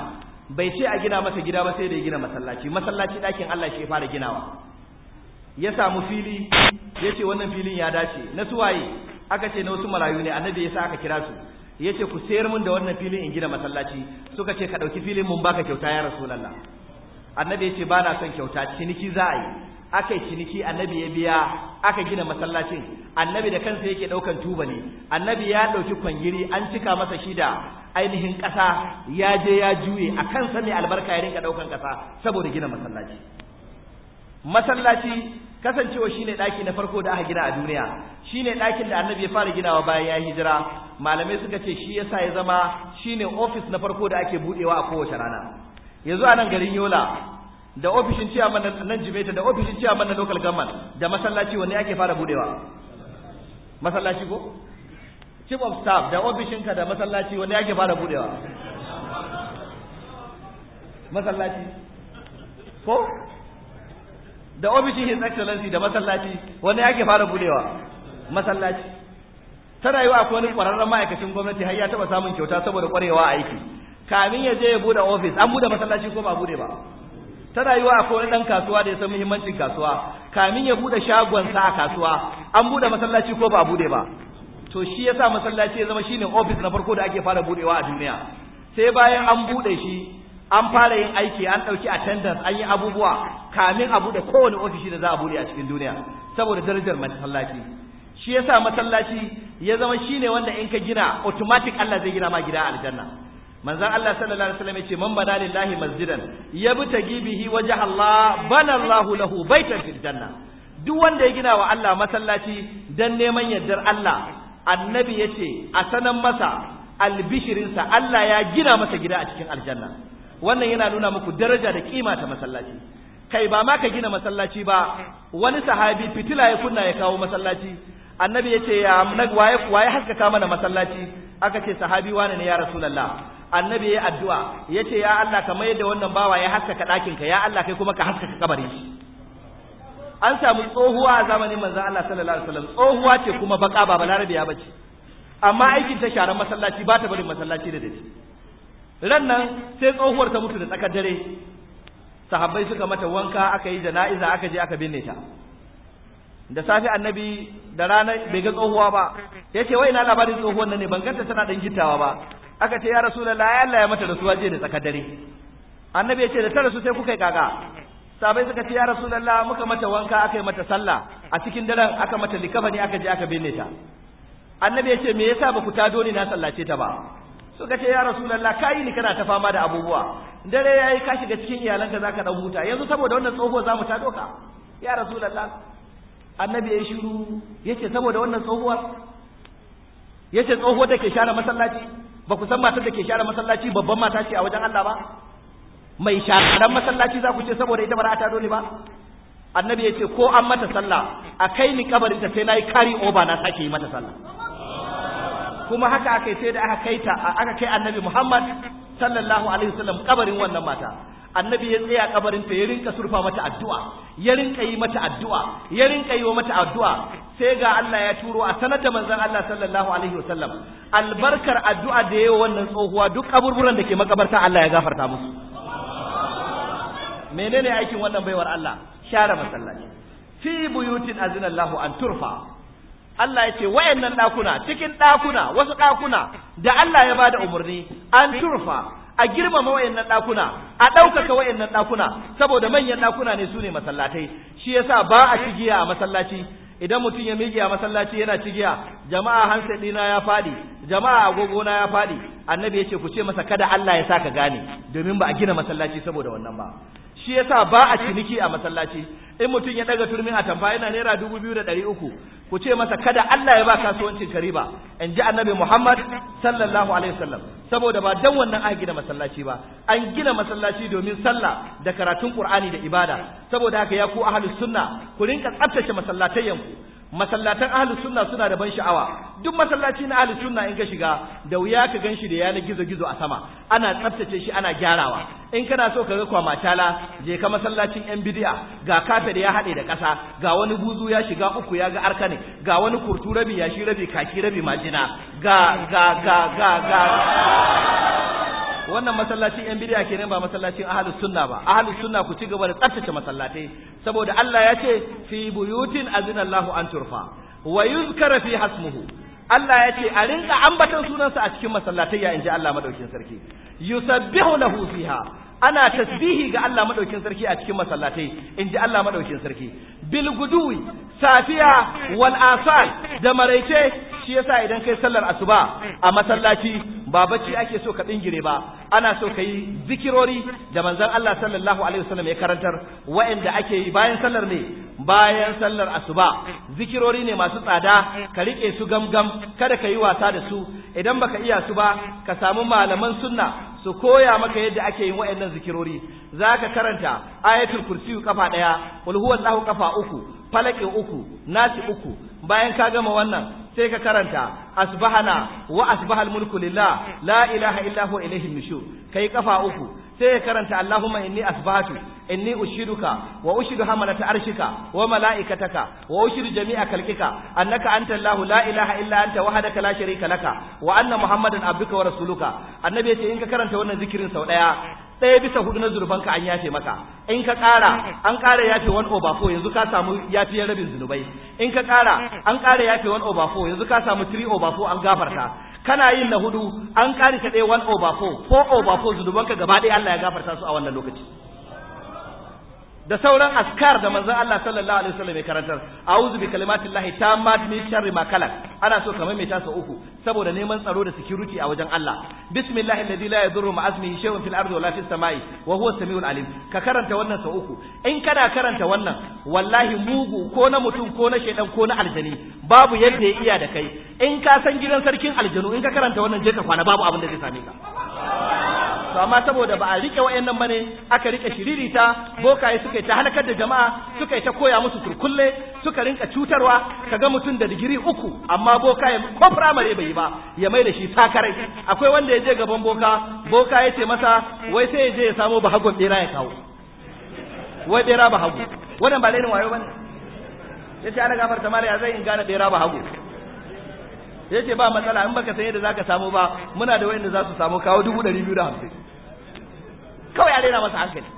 bai ce a gina masa gida ba sai da ya gina masallaci masallaci ɗakin Allah shi ya fara ginawa ya samu fili ya ce wannan filin ya dace na suwaye aka ce na wasu marayu ne annabi ya sa aka kira su ya ce ku sayar mun da wannan filin in gina masallaci suka ce ka ɗauki filin mun baka kyauta ya rasulallah annabi ya ce ba na son kyauta ciniki za a yi aka yi ciniki annabi ya biya aka gina masallacin annabi da kansa yake daukan tubali annabi ya ɗauki kwangiri an cika masa shida ainihin ƙasa ya je ya juye a kansa mai albarka ya rinka daukan ƙasa saboda gina masallaci masallaci kasancewa shine ɗaki na farko da aka gina a duniya shine ɗakin da annabi ya fara ginawa bayan ya hijira malamai suka ce shi yasa ya zama shine ofis na farko da ake buɗewa a kowace rana yanzu a nan garin Yola da ofishin chairman nan Jimeta da ofishin chairman na local government da masallaci wanne ake fara budewa masallaci ko chief of staff da ofishin ka da masallaci wanne ake fara budewa masallaci ko da ofishin his excellency da masallaci wanne ake fara budewa masallaci ta rayuwa akwai wani kwararren ma'aikacin gwamnati har ya taba samun kyauta saboda kwarewa a aiki kamin ya je ya bude office an bude masallaci ko ba bude ba ta rayuwa akwai wani ɗan kasuwa da ya san muhimmancin kasuwa kamin ya shagon shagonsa a kasuwa an buɗe masallaci ko ba a buɗe ba to shi yasa masallaci ya zama shine ofis na farko da ake fara buɗewa a duniya sai bayan an buɗe shi an fara yin aiki an ɗauki attendance an yi abubuwa kamin a buɗe kowane ofishi da za a buɗe a cikin duniya saboda darajar masallaci shi yasa masallaci ya zama shi ne wanda in ka gina automatic Allah zai gina ma gida aljanna manzon Allah sallallahu alaihi wasallam yace man bana lillahi masjidan ta gibihi wajha Allah bana Allahu lahu baitan fil janna duk wanda ya gina wa Allah masallaci dan neman yardar Allah annabi yace a sanan masa albishirinsa Allah ya gina masa gida a cikin aljanna wannan yana nuna muku daraja da kima ta masallaci kai ba ma ka gina masallaci ba wani sahabi fitila ya kunna ya kawo masallaci annabi yace ya waye haskaka mana masallaci aka ce sahabi wane ne ya rasulullah annabi ya addu'a yace ya Allah ka mayar da wannan bawa ya haskaka ɗakinka ya Allah kai kuma ka haskaka kabari shi an samu tsohuwa a zamanin manzon Allah sallallahu alaihi wasallam tsohuwa ce kuma baka ba balarabe ya bace amma aikin ta sharan masallaci ba ta barin masallaci da dare ran nan sai tsohuwar ta mutu da tsakar dare sahabbai suka mata wanka aka yi jana'iza aka je aka binne ta da safi annabi da rana bai ga tsohuwa ba yace wai ina labarin tsohuwar nan ne ban ganta tana dan gittawa ba aka ce ya rasulullahi ya Allah ya mata rasuwa je da tsaka dare annabi ya ce da ta su sai kuka yi kaka sabai suka ce ya rasulullahi muka mata wanka aka yi mata sallah a cikin daren aka mata ne aka je aka binne ta annabi ya ce me yasa ba ku ta dole na sallace ta ba suka ce ya rasulullahi kai ni kana ta fama da abubuwa dare yayi ka shiga cikin iyalanka zaka dan huta yanzu saboda wannan tsoho zamu ta doka ya rasulullahi annabi ya shiru yace saboda wannan tsohuwar yace tsoho take share masallaci ba ku san matar da ke share masallaci babban mata ce a wajen Allah ba mai sharan masallaci za ku ce saboda ita ba ta dole ba annabi ya ce ko an mata sallah a kai ni kabarin ta sai nayi kari oba na sake yi mata sallah kuma haka aka sai da aka kai ta aka kai annabi Muhammad sallallahu alaihi wasallam kabarin wannan mata annabi ya tsaya kabarinta ya rinka surfa mata addu'a ya rinka yi mata addu'a ya rinka yi wa mata addu'a sai ga Allah ya turo a sanar da manzon Allah sallallahu alaihi wasallam albarkar addu'a da yayi wannan tsohuwa duk kaburburan da ke makabarta Allah ya gafarta musu menene aikin wannan baiwar Allah share masallaci fi buyutin azinallahu an turfa Allah ya ce wayannan dakuna cikin dakuna wasu dakuna da Allah ya bada umurni an turfa a girmama wayannan ɗakuna a ɗaukaka wayannan ɗakuna saboda manyan ɗakuna ne su ne masallatai shi yasa ba a cigiya a masallaci idan mutum ya miƙe a masallaci yana cigiya jama'a hansa ɗina ya faɗi jama'a agogona ya faɗi annabi ya ce ku ce masa kada Allah ya sa ka gane domin ba a gina masallaci saboda wannan ba shi yasa ba a ciniki a masallaci in mutum ya daga turmin a tamfa yana naira dubu biyu da ɗari uku ku ce masa kada Allah ya ba kasuwancin kariba in ji annabi Muhammad sallallahu alaihi wasallam saboda ba dan wannan aka gina masallaci ba an gina masallaci domin sallah da karatun Qur'ani da ibada saboda haka ya ku ahlus sunna ku rinka tsaftace masallatayen yanku masallatan ahlus sunna suna da ban sha'awa duk masallaci na ahlus sunna in ka shiga da wuya ka ganshi da yana gizo-gizo a sama ana tsaftace shi ana gyarawa in kana so ka ga kwamatala je ka masallacin yan bidiya ga da ya haɗe da ƙasa ga wani guzu ya shiga uku ya ga arka ne ga wani kurtu rabi ya shi rabi kaki rabi majina ga ga ga ga ga wannan masallacin yan bidiya kenan ba masallacin ahlus sunna ba ahlus sunna ku ci gaba da tsaftace masallatai saboda Allah ya ce fi buyutin azina Allahu an turfa wa yuzkara fi hasmuhu Allah ya ce a rinka ambaton sunansa a cikin masallatai ya inji Allah madaukin sarki yusabbihu lahu fiha ana tasbihi ga Allah madaukin sarki a cikin masallatai inji Allah madaukin sarki bil safiya wal asal da maraice shi yasa idan kai sallar asuba a masallaci ba bacci ake so ka dingire ba ana so ka yi zikirori da manzon Allah sallallahu alaihi wasallam ya karantar waɗanda ake yi bayan sallar ne bayan sallar asuba zikirori ne masu tsada ka rike su gamgam kada ka yi wasa da su idan baka iya su ba ka samu malaman sunna su koya maka yadda ake yin wa'annan zikirori zaka karanta ayatul kursi kafa daya qul huwallahu kafa uku falaki uku nasi uku bayan ka gama wannan sai ka karanta asbahana wa asbahal mulku lillah la ilaha illa huwa ilayhi nushur kai kafa uku sai ya karanta Allahumma inni asbahatu inni ushiduka wa ushidu hamalata arshika wa malaikataka wa ushidu jami'a kalkika annaka anta Allahu la ilaha illa anta wahdaka la sharika laka wa anna muhammadan abduka wa rasuluka annabi yace in ka karanta wannan zikirin sau daya ɗaya bisa hudu na zunubanka an yafe maka in ka ƙara an ƙara yafe one over four yanzu ka samu yafiyar rabin zunubai in ka ƙara an ƙara yafe one over four yanzu ka samu three over four an gafarta kana yin na hudu an ƙari ka ɗaya one over four four over four zunubanka gaba ɗaya Allah ya gafarta su a wannan lokaci da sauran askar da manzon Allah sallallahu alaihi wasallam ya karantar a'udhu bi kalimatillahi tammat min sharri ma khalaq ana so kamar mai tasa uku saboda neman tsaro da security a wajen Allah bismillahi alladhi la yadurru ma asmihi shay'un fil ardi wala fis samai wa huwa samiul alim ka karanta wannan sau uku in kana karanta wannan wallahi mugu ko na mutum ko na shaydan ko na aljani babu yadda ya iya da kai in ka san gidan sarkin aljanu in ka karanta wannan je ka kwana babu abin da zai same ka to amma saboda ba a rike wayannan bane aka rike shiririta bokaye suka suka ta halakar da jama'a suka ta koya musu turkulle suka rinka cutarwa kaga mutum da digiri uku amma boka ya ko firamare bai yi ba ya mai da shi takarai akwai wanda ya je gaban boka boka ya ce masa wai sai ya je ya samo bahagon bera ya kawo wai bera bahago wannan ba lainin wayo bane ce ana ta mara ya zai in gane bera bahago ce ba matsala in baka san yadda zaka samu ba muna da wayanda za su samu kawo dubu ɗari biyu da hamsin kawai a daina masa hankali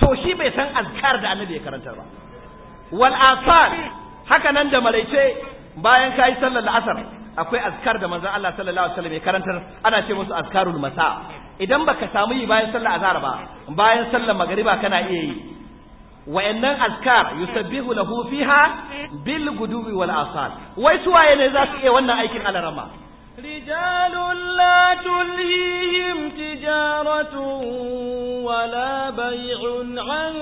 to shi bai san azkar da annabi ya karantar ba wal asar haka nan da maraice bayan kai sallar asar akwai azkar da manzon Allah sallallahu alaihi wasallam ya karantar ana ce musu azkarul masa idan baka samu yi bayan sallar azhar ba bayan sallar magriba kana iya yi wayannan azkar yusabbihu lahu fiha bil gudubi wal asal wai suwaye ne za su iya wannan aikin alarama رجال لا تلهيهم تجارة ولا بيع عن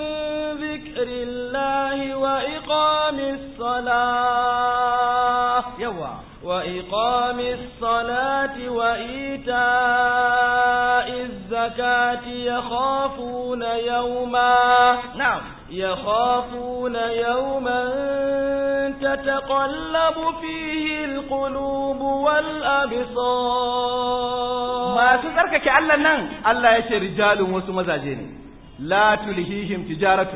ذكر الله وإقام الصلاة وإقام الصلاة وإيتاء الزكاة يخافون يوما نعم يخافون يوما تتقلب فيه القلوب والأبصار ما تذكرك كألا نن ألا يشي رجال زاجين لا تلهيهم تجارة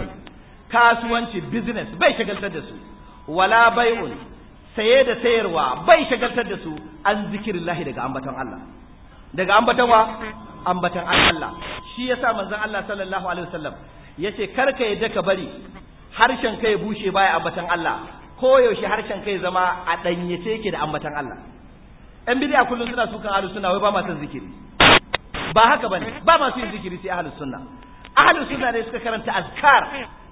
كاسوانتي بزنس بيشغل تدسو ولا بيعون saye da sayarwa bai shagaltar da su an zikirillahi daga ambaton Allah daga ambaton wa ambaton Allah shi yasa manzon Allah sallallahu alaihi wasallam yace karka yadda ka bari harshen kai bushe baya ambaton Allah ko yaushe harshen kai zama a danyace yake da ambaton Allah ɗan bid'a kullum suna suka ahlus sunna wai ba san zikiri ba haka bane ba masu yin zikiri sai ahlus sunna ahlus sunna ne suka karanta azkar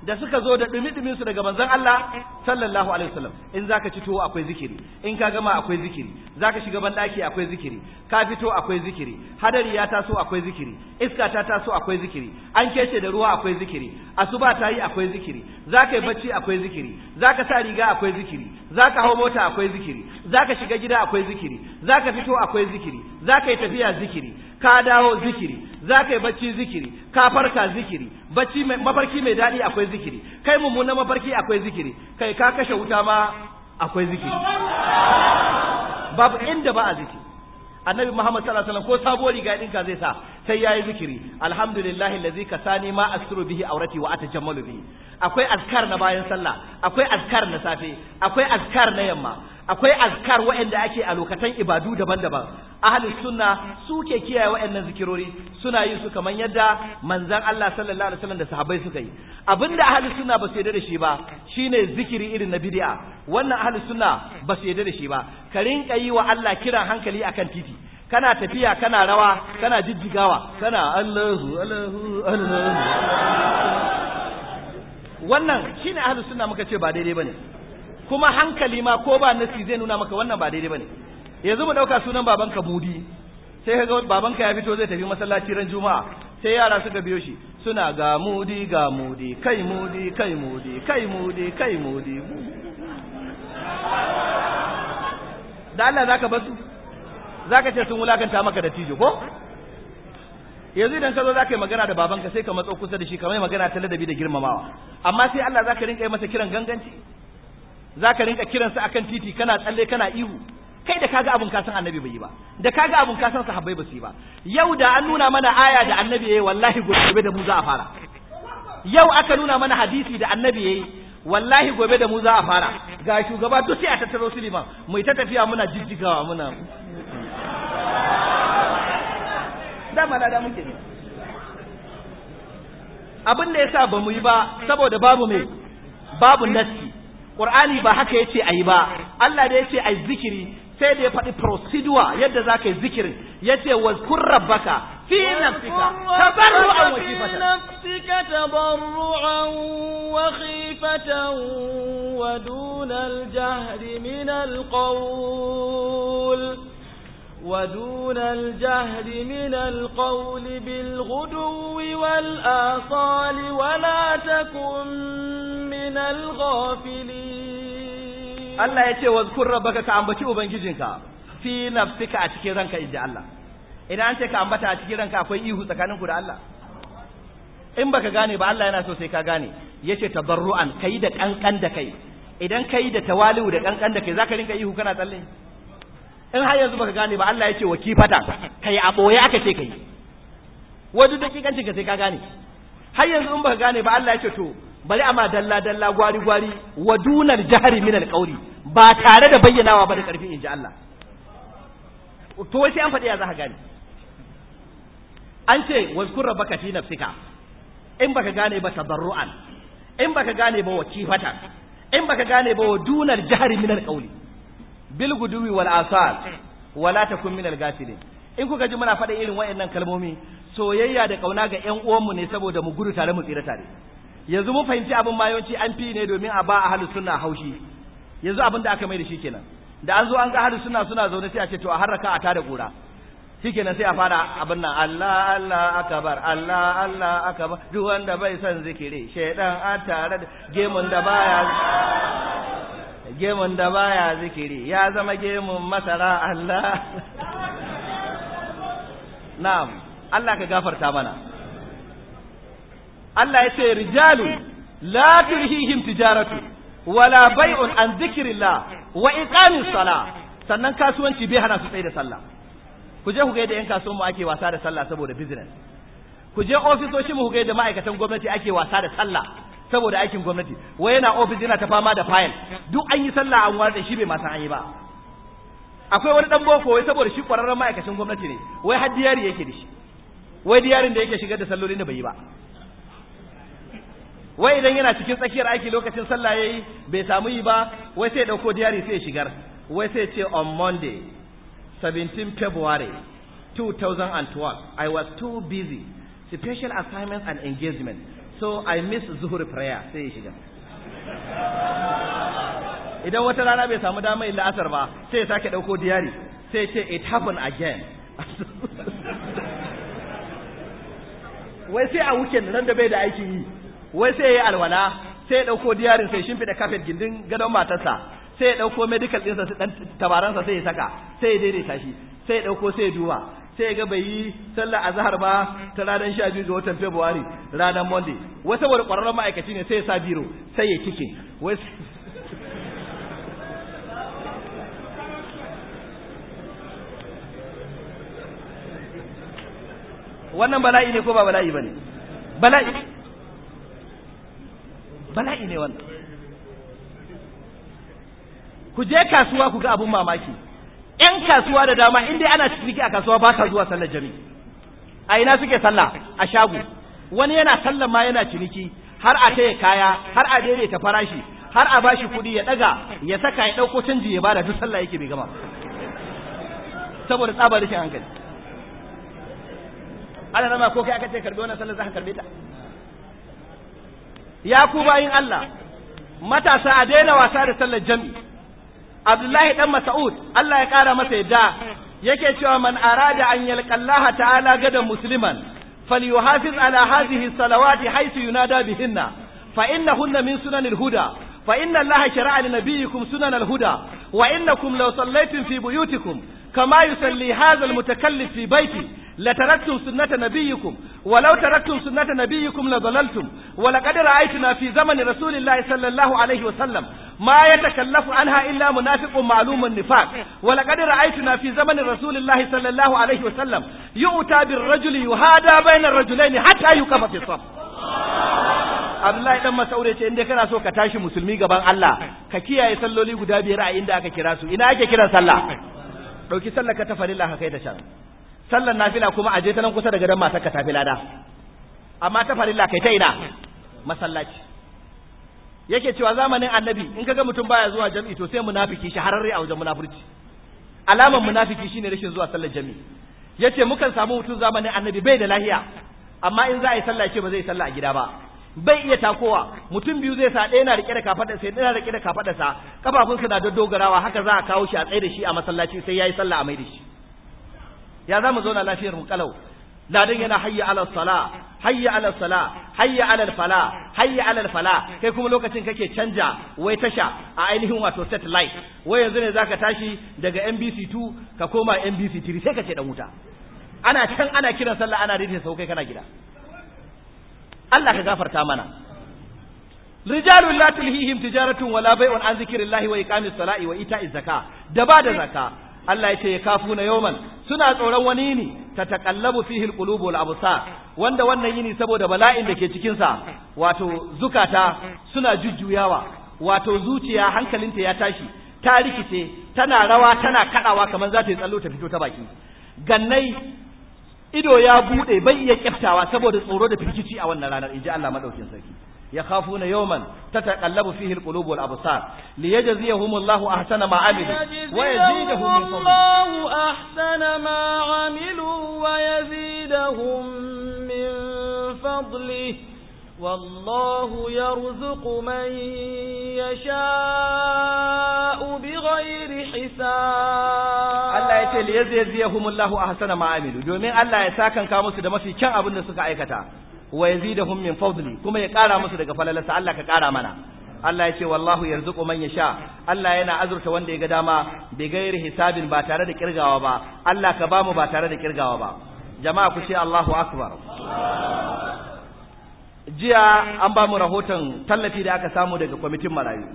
da suka zo da dumi-dumin su daga manzon Allah sallallahu alaihi wasallam in zaka ci tuwo akwai zikiri in ka gama akwai zikiri zaka shiga ban daki akwai zikiri ka fito akwai zikiri hadari ya taso akwai zikiri iska ta taso akwai zikiri an kece da ruwa akwai zikiri asuba ta yi akwai zikiri zaka yi bacci akwai zikiri zaka sa riga akwai zikiri zaka hau mota akwai zikiri zaka shiga gida akwai zikiri zaka fito akwai zikiri zaka yi tafiya zikiri ka dawo zikiri za ka yi bacci zikiri ka farka zikiri bacci mafarki mai daɗi akwai zikiri kai mummunan mafarki akwai zikiri kai ka kashe wuta ma akwai zikiri babu inda ba a zikiri annabi Muhammad sallallahu alaihi wasallam ko sabo riga ɗinka zai sa sai yayi zikiri alhamdulillahi allazi kasani ma asturu bihi aurati wa atajammalu bihi akwai azkar na bayan sallah akwai azkar na safe akwai azkar na yamma akwai azkar waɗanda ake a lokacin ibadu daban-daban ahli sunna suke kiyaye waɗannan zikirori suna yin su kamar yadda manzon Allah sallallahu alaihi wasallam da sahabbai suka yi abinda ahli sunna ba su yarda da shi ba shine zikiri irin na bid'a wannan ahli sunna ba su yarda da shi ba ka rinka yi wa Allah kiran hankali akan titi kana tafiya kana rawa kana jijjigawa kana Allahu Allahu Allahu wannan shine ahli sunna muka ce ba daidai bane kuma hankali ma ko ba nasi zai nuna maka wannan ba daidai bane yanzu mu dauka sunan babanka Budi sai kaga babanka ya fito zai tafi masallaci ran juma'a sai yara suka biyo shi suna ga mudi ga mudi kai mudi kai mudi kai mudi kai mudi da Allah zaka basu zaka ce sun wulakanta maka da tijo ko yanzu idan ka zo za ka yi magana da babanka sai ka matso kusa da shi kamar magana ta ladabi da girmamawa amma sai Allah za ka rinka yi masa kiran ganganci Za ka rinka kiransu akan titi kana tsalle kana ihu kai da kaga abun kasan annabi bai yi ba da kaga abun kasan sahabbai ba su yi ba yau da an nuna mana aya da annabi yayi wallahi gobe da mu za a fara yau aka nuna mana hadisi da annabi yayi wallahi gobe da mu za a fara ga shugaba duk sai a tattaro suliman mai ta tafiya muna jijjigawa muna dama da muke ne abin da yasa ba mu yi ba saboda babu mai babu nassi Qur'ani ba haka yace ayi ba Allah da yace ayi zikiri sai da ya faɗi procedure yadda za ka yi zikirin ya ce wazkur rabbaka fi nafsika tabarru'an wa khifatan nafsika tabarru'an wa khifatan wa dun al-jahri min al-qawl wa dun al-jahri min al-qawl bil ghudwi wal asali wa la takun ka الغافلين الله يتي واذكر ربك كأنبتي أبنجيجنك في Allah, أتكي an ce ka ambata a كأنبتي أتكي akwai ihu tsakaninku da Allah. in baka gane ba Allah yana so sai ka gane yace tabarru'an kai da kankan da kai idan kai da tawali'u da kankan da kai zaka rinka ihu kana tsalle in har yanzu baka gane ba Allah yace wa kifata kai a boye aka ce kai wajen dakikancin ka sai ka gane har yanzu in baka gane ba Allah yace to bari amma dalla dalla gwari gwari wa dunar jahari min alqawli ba tare da bayyanawa ba da karfi inji Allah to wai sai an faɗi ya za ka gane an ce wazkur rabbaka fi nafsika in baka gane ba tabarru'an in baka gane ba wa in baka gane ba wa dunar jahri min alqawli bil guduwi wal asal wala takun min al in kuka ji muna faɗa irin waɗannan kalmomi soyayya da kauna ga ƴan uwanmu ne saboda mu gudu tare mu tsira tare yanzu mun fahimci abin ma yawanci an fi ne domin a ba a halin suna haushi yanzu abin da aka mai da shi kenan da an zo an ga halin suna suna zaune sai a ce to a harraka a tada kura shikenan sai a fara abin nan Allah Allah akbar Allah Allah akbar duk wanda bai son zikiri shedan a tare da gemun da baya gemun da baya zikiri ya zama gemun masara Allah na'am Allah ka gafarta mana Allah ya ce rijalu la turhihim tijaratu wala bai'un an dhikrillah wa iqamis sala sannan kasuwanci bai hana su tsaye da sallah ku je ku ga yadda yan kasuwan mu ake wasa da sallah saboda business ku je ofisoshin mu ku ga yadda ma'aikatan gwamnati ake wasa da sallah saboda aikin gwamnati wai yana ofis yana ta fama da fayil duk an yi sallah an warda shi bai ma san an yi ba akwai wani dan boko wai saboda shi kwararren ma'aikacin gwamnati ne wai har diyari yake da shi wai diyarin da yake shigar da sallolin da bai yi ba wai idan yana cikin tsakiyar aiki lokacin sallah yayi bai samu yi ba wai sai dauko diary sai shigar wai sai ce on monday 17 february 2012 i was too busy special assignments and engagement so i missed zuhur prayer sai ya shiga idan wata rana bai samu damar yin la'asar ba sai ya sake dauko diary sai ce it happened again wai sai a weekend nan da bai da aikin yi wai sai ya yi alwala sai ya ɗauko diyarin sai shimfiɗa kafet gindin gadon matarsa sai ya ɗauko medical ɗinsa ɗan tabaransa sai ya saka sai ya daidaita shi sai ya ɗauko sai ya duba sai ya ga bai yi sallar azhar ba ta ranar sha biyu ga watan february ranar monday wai saboda ƙwararren ma'aikaci ne sai ya sa biro sai ya kike wai wannan bala'i ne ko ba bala'i ba ne bala'i bala'i ne wannan ku je kasuwa ku ga abun mamaki ƴan kasuwa da dama in dai ana ciki a kasuwa ba ka zuwa sallar jami a ina suke sallah a shago wani yana sallar ma yana ciniki har a taya kaya har a ta farashi har a bashi kuɗi ya ɗaga ya saka ya ɗauko canji ya bada duk sallah yake bai gama saboda tsabar rikin hankali ana rama ko kai aka ce karbi wannan sallar za ka karbe ta ya ku bayin Allah matasa a daina wasa da sallar jami Abdullahi dan Mas'ud Allah ya kara masa yadda yake cewa man arada an yalqallaha ta'ala gadan musliman falyuhafiz ala hadhihi salawati haythu yunada bihinna fa innahunna min sunanil huda fa inna Allah shara'a li sunanal huda wa innakum law sallaytum fi buyutikum kama yusalli hadha almutakallif fi bayti lataraktum sunnata nabiyyikum wa law taraktum sunnata nabiyyikum la dalaltum wa laqad ra'aytuna fi zamani rasulillahi sallallahu alayhi wa sallam ma yatakallafu anha illa munafiqun ma'lumun nifaq wa laqad ra'aytuna fi zamani rasulillahi sallallahu alayhi wa sallam yu'ta birrajuli yuhada bayna ar-rajulaini hatta yukafa fi saf Abdullahi dan Mas'ud ya ce in kana so ka tashi musulmi gaban Allah ka kiyaye salloli guda biyar a inda aka kira su ina ake kiran sallah dauki sallar ka ta farilla ka kai ta can sallar nafila kuma aje ta nan kusa da gadon matar ka tafi lada amma ta kai ta ina masallaci yake cewa zamanin annabi in kaga mutum baya zuwa jami'i to sai munafiki shahararre a wajen munafurci alaman munafiki shine rashin zuwa sallar jami'i yace mukan samu mutum zamanin annabi bai da lahiya amma in za a yi sallah ce ba zai sallah a gida ba bai iya takowa mutum biyu zai sa ɗaya na rike da kafaɗa sai ɗaya na rike da kafaɗa sa su na dogarawa haka za a kawo shi a tsaye da shi a masallaci sai yayi sallah a mai da shi ya za mu zauna lafiyar mu kalau ladan yana hayya ala sala hayya ala sala hayya ala fala hayya ala fala kai kuma lokacin kake canja wai tasha a ainihin wato satellite wai yanzu ne zaka tashi daga NBC 2 ka koma NBC 3 sai ka ce dan wuta ana can ana kiran sallah ana rike sauka kana gida Allah ka gafarta mana rijalun la tulhihim tijaratun wala bai'un an zikrillahi wa iqamis salati wa ita'iz zaka da ba da zaka Allah ya ce yakafuna yawman suna tsoron wani ne ta taqallabu fihi alqulubu wal absar wanda wannan yini saboda bala'in da ke cikin sa wato zukata suna jujjuyawa wato zuciya hankalinta ya tashi ta rikice tana rawa tana kadawa kamar za ta yi tsallo ta fito ta baki gannai ido ya bude bai iya kyaftawa saboda tsoro da firgici a wannan ranar inji Allah madaukin sarki ya khafuna yawman tataqallabu fihi alqulub wal absar liyajziyahum Allahu ahsana ma amilu wa yazidahum min fadli Allahu ahsana ma amilu wa yazidahum min fadlihi والله يرزق من يشاء بغير حساب Allah ya ce liyazziyahum Allahu ahsana ma amilu domin Allah ya sa ka musu da mafi kyan abin da suka aikata wa yazidahum min fadli kuma ya kara musu daga falalarsa Allah ka kara mana Allah ya ce wallahu yarzuqu man yasha Allah yana azurta wanda ya ga dama bi gairi hisabin ba tare da kirgawa ba Allah ka bamu ba tare da kirgawa ba jama'a ku ce Allahu akbar jiya an ba mu rahoton tallafi da aka samu daga kwamitin marayu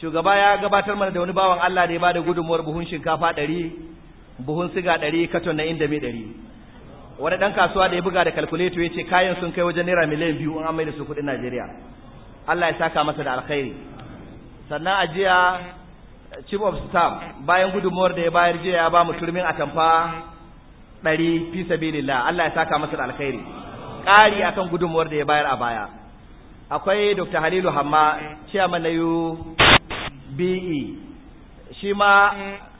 shugaba ya gabatar mana da wani bawan Allah da ya bada gudunmuwar buhun shinkafa ɗari buhun siga ɗari katon na inda mai ɗari wani ɗan kasuwa da ya buga da kalkuleto ya ce kayan sun kai wajen naira miliyan biyu an mai da su kuɗin najeriya Allah ya saka masa da alkhairi sannan a jiya chief of staff bayan gudunmuwar da ya bayar jiya ya ba mu turmin atamfa ɗari fi sabilillah Allah ya saka masa da alkhairi ƙari akan gudunmuwar da ya bayar a baya akwai dr halilu hamma chairman na UBE shi ma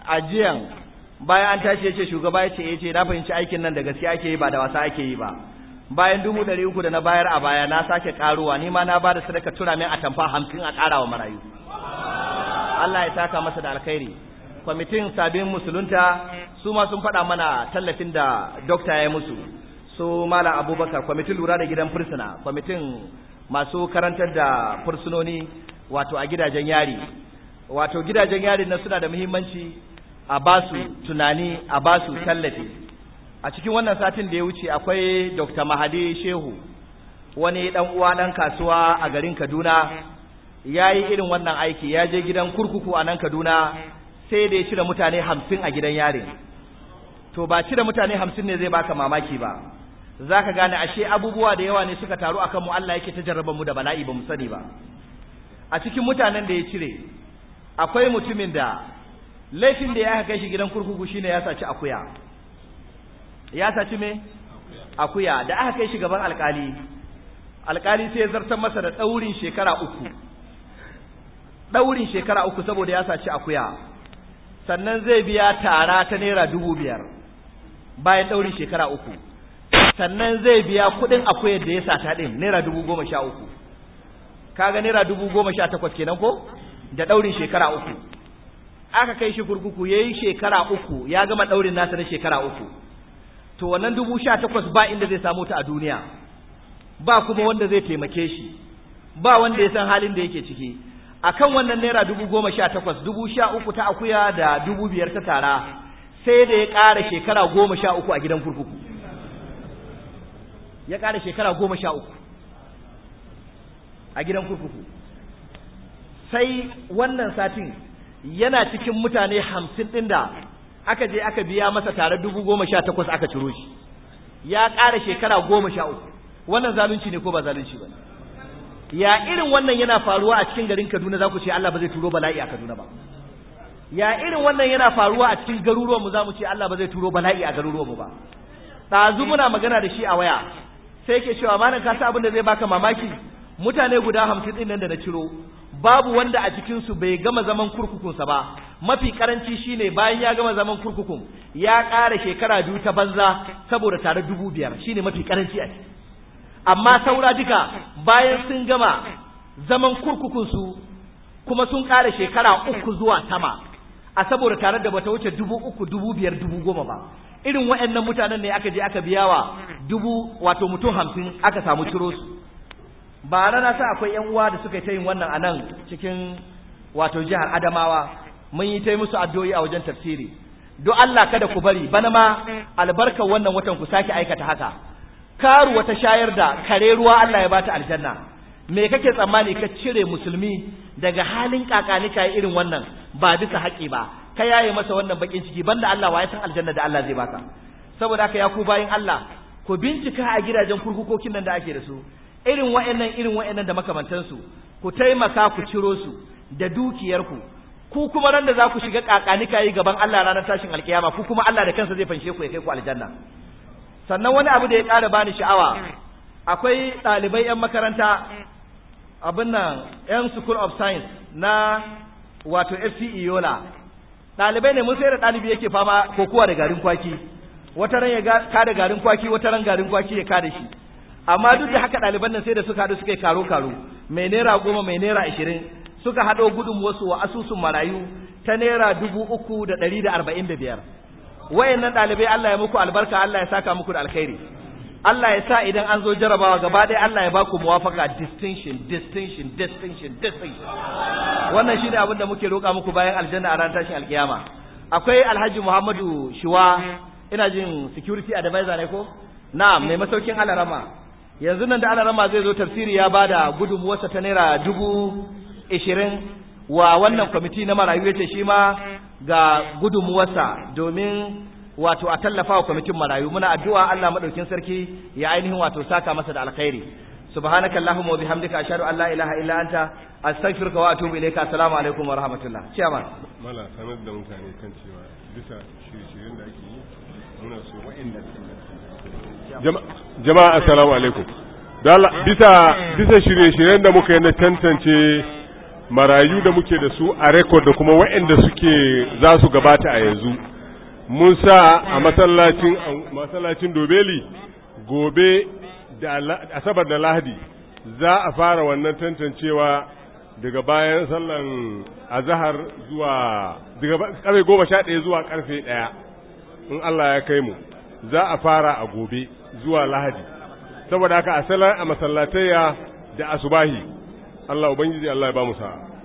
ajiyan bayan an tashi yace shugaba ya eh, ce na fahimci aikin nan da gaskiya ake yi ba da wasa ake yi ba bayan dubu ɗari uku da na bayar a baya na sake ƙaruwa ni ma na ba da sadaka tura min a tamfa hamsin a ƙara wa marayu Allah ya saka masa da alkhairi kwamitin sabbin musulunta su ma sun faɗa mana tallafin da dokta ya yi musu su mala abubakar kwamitin lura da gidan fursuna kwamitin masu karantar da fursunoni wato a gidajen yari wato gidajen yari na suna da muhimmanci a basu tunani a basu tallafi a cikin wannan satin da ya wuce akwai dr mahadi shehu wani dan uwa dan kasuwa a garin kaduna ya yi irin wannan aiki ya je gidan kurkuku a nan kaduna sai da ya cire mutane hamsin a gidan yarin to ba cire mutane hamsin ne zai baka mamaki ba Za ka gane ashe abubuwa da yawa ne suka taru a kanmu Allah yake ta jarraba mu da bala'i ba mu sani ba a cikin mutanen da ya cire akwai mutumin da laifin da ya kai shi gidan kurkuku shine ya saci akuya ya saci me akuya da aka kai shi gaban alkali alkali sai ya zartar masa da daurin shekara uku daurin shekara uku saboda ya saci akuya sannan zai biya tara ta naira dubu biyar bayan daurin shekara uku sannan zai biya kuɗin akwai yadda ya sata ɗin naira dubu goma sha uku kaga naira dubu goma sha takwas kenan ko da ɗaurin shekara uku aka kai shi kurkuku ya yi shekara uku ya gama ɗaurin nasa na shekara uku to wannan dubu sha takwas ba inda zai samu ta a duniya ba kuma wanda zai taimake shi ba wanda ya san halin da yake ciki akan wannan naira dubu goma sha takwas dubu sha uku ta akuya da dubu biyar ta tara sai da ya ƙara shekara goma sha uku a gidan kurkuku ya ƙara shekara goma sha uku a gidan kurkuku sai wannan satin yana cikin mutane hamsin ɗin da aka je aka biya masa tare dubu goma sha takwas aka ciro shi ya ƙara shekara goma sha uku wannan zalunci ne ko ba zalunci ba ya irin wannan yana faruwa a cikin garin kaduna za ku ce allah ba zai turo bala'i a kaduna ba ya irin wannan yana faruwa a cikin garuruwanmu za mu ce allah ba zai turo bala'i a garuruwanmu ba ɗazu muna magana da shi a waya sai ke cewa malam ka san abin da zai baka mamaki mutane guda hamsin ɗin nan da na ciro babu wanda a cikin su bai gama zaman kurkukunsa ba mafi karanci shine bayan ya gama zaman kurkukun ya ƙara shekara biyu ta banza saboda tare dubu biyar shine mafi karanci a ciki amma saura duka bayan sun gama zaman kurkukun su kuma sun ƙara shekara uku zuwa sama a saboda tare da bata wuce dubu uku dubu biyar dubu goma ba irin waɗannan mutanen ne aka je aka biya wa dubu wato mutum hamsin aka samu ciro su ba na sa akwai yan uwa da suka yi ta wannan a nan cikin wato jihar adamawa mun yi ta yi musu addu'o'i a wajen tafsiri do Allah kada ku bari bana ma albarkar wannan watan ku sake aikata haka Karu wata shayar da kare ruwa Allah ya bata aljanna me kake tsammani ka cire musulmi daga halin kakanika irin wannan ba bisa haƙi ba ka yaye masa wannan bakin ciki banda Allah wa ya san aljanna da Allah zai baka saboda haka ya ku bayin Allah ku bincika a gidajen kurkukokin nan da ake da su irin wa'annan irin wa'annan da su ku taimaka ku ciro su da dukiyar ku kuma ran da za ku shiga kakanika yi gaban Allah ranar tashin alkiyama ku kuma Allah da kansa zai fanshe ku ya kai ku aljanna sannan wani abu da ya kara bani sha'awa akwai ɗalibai 'yan makaranta abin nan 'yan school of science na wato FCE Yola ɗalibai ne mun sai da ɗalibi yake fama ko kuwa da garin kwaki wata ran ya ka da garin kwaki wata ran garin kwaki ya ka da shi amma duk da haka ɗaliban nan sai da suka haɗu suka yi karo karo mai naira goma mai naira ashirin suka haɗo gudun wasu wa asusun marayu ta naira dubu uku da ɗari da arba'in da biyar wayannan ɗalibai Allah ya muku albarka Allah ya saka muku da alkhairi Allah ya sa idan an zo jarabawa gaba ɗaya Allah ya baku muwafaka distinction distinction distinction distinction wannan shine abin da muke roƙa muku bayan aljanna a ran tashin alkiyama akwai Alhaji Muhammadu Shuwa ina jin security advisor ne ko na'am mai masaukin alarama yanzu nan da alarama zai zo tafsiri ya bada gudunmuwarsa ta naira dubu ishirin wa wannan kwamiti na marayu ya ce shi ma ga gudunmuwarsa domin wato a tallafa wa kwamitin marayu muna addu'a Allah madaukin sarki ya ainihin wato saka masa da alkhairi subhanaka allahumma wa bihamdika ashhadu an la ilaha illa anta astaghfiruka wa atubu ilayka assalamu alaikum wa rahmatullah ciyaman mala sanar da mutane kan cewa bisa shirye-shiryen da ake yi muna so wa'inda jama'a assalamu alaikum bisa bisa shirye-shiryen da muka yi na tantance marayu da muke da su a rekod da kuma wa'inda suke za su gabata a yanzu mun sa a masallacin masallacin dobeli gobe da asabar da lahadi za a fara wannan tantancewa daga bayan sallan azahar zuwa daga karfe goma sha ɗaya zuwa karfe ɗaya in Allah ya kai mu za a fara a gobe zuwa lahadi saboda haka a a masallatayya da asubahi Allah Ubangiji Allah ya ba mu sa'a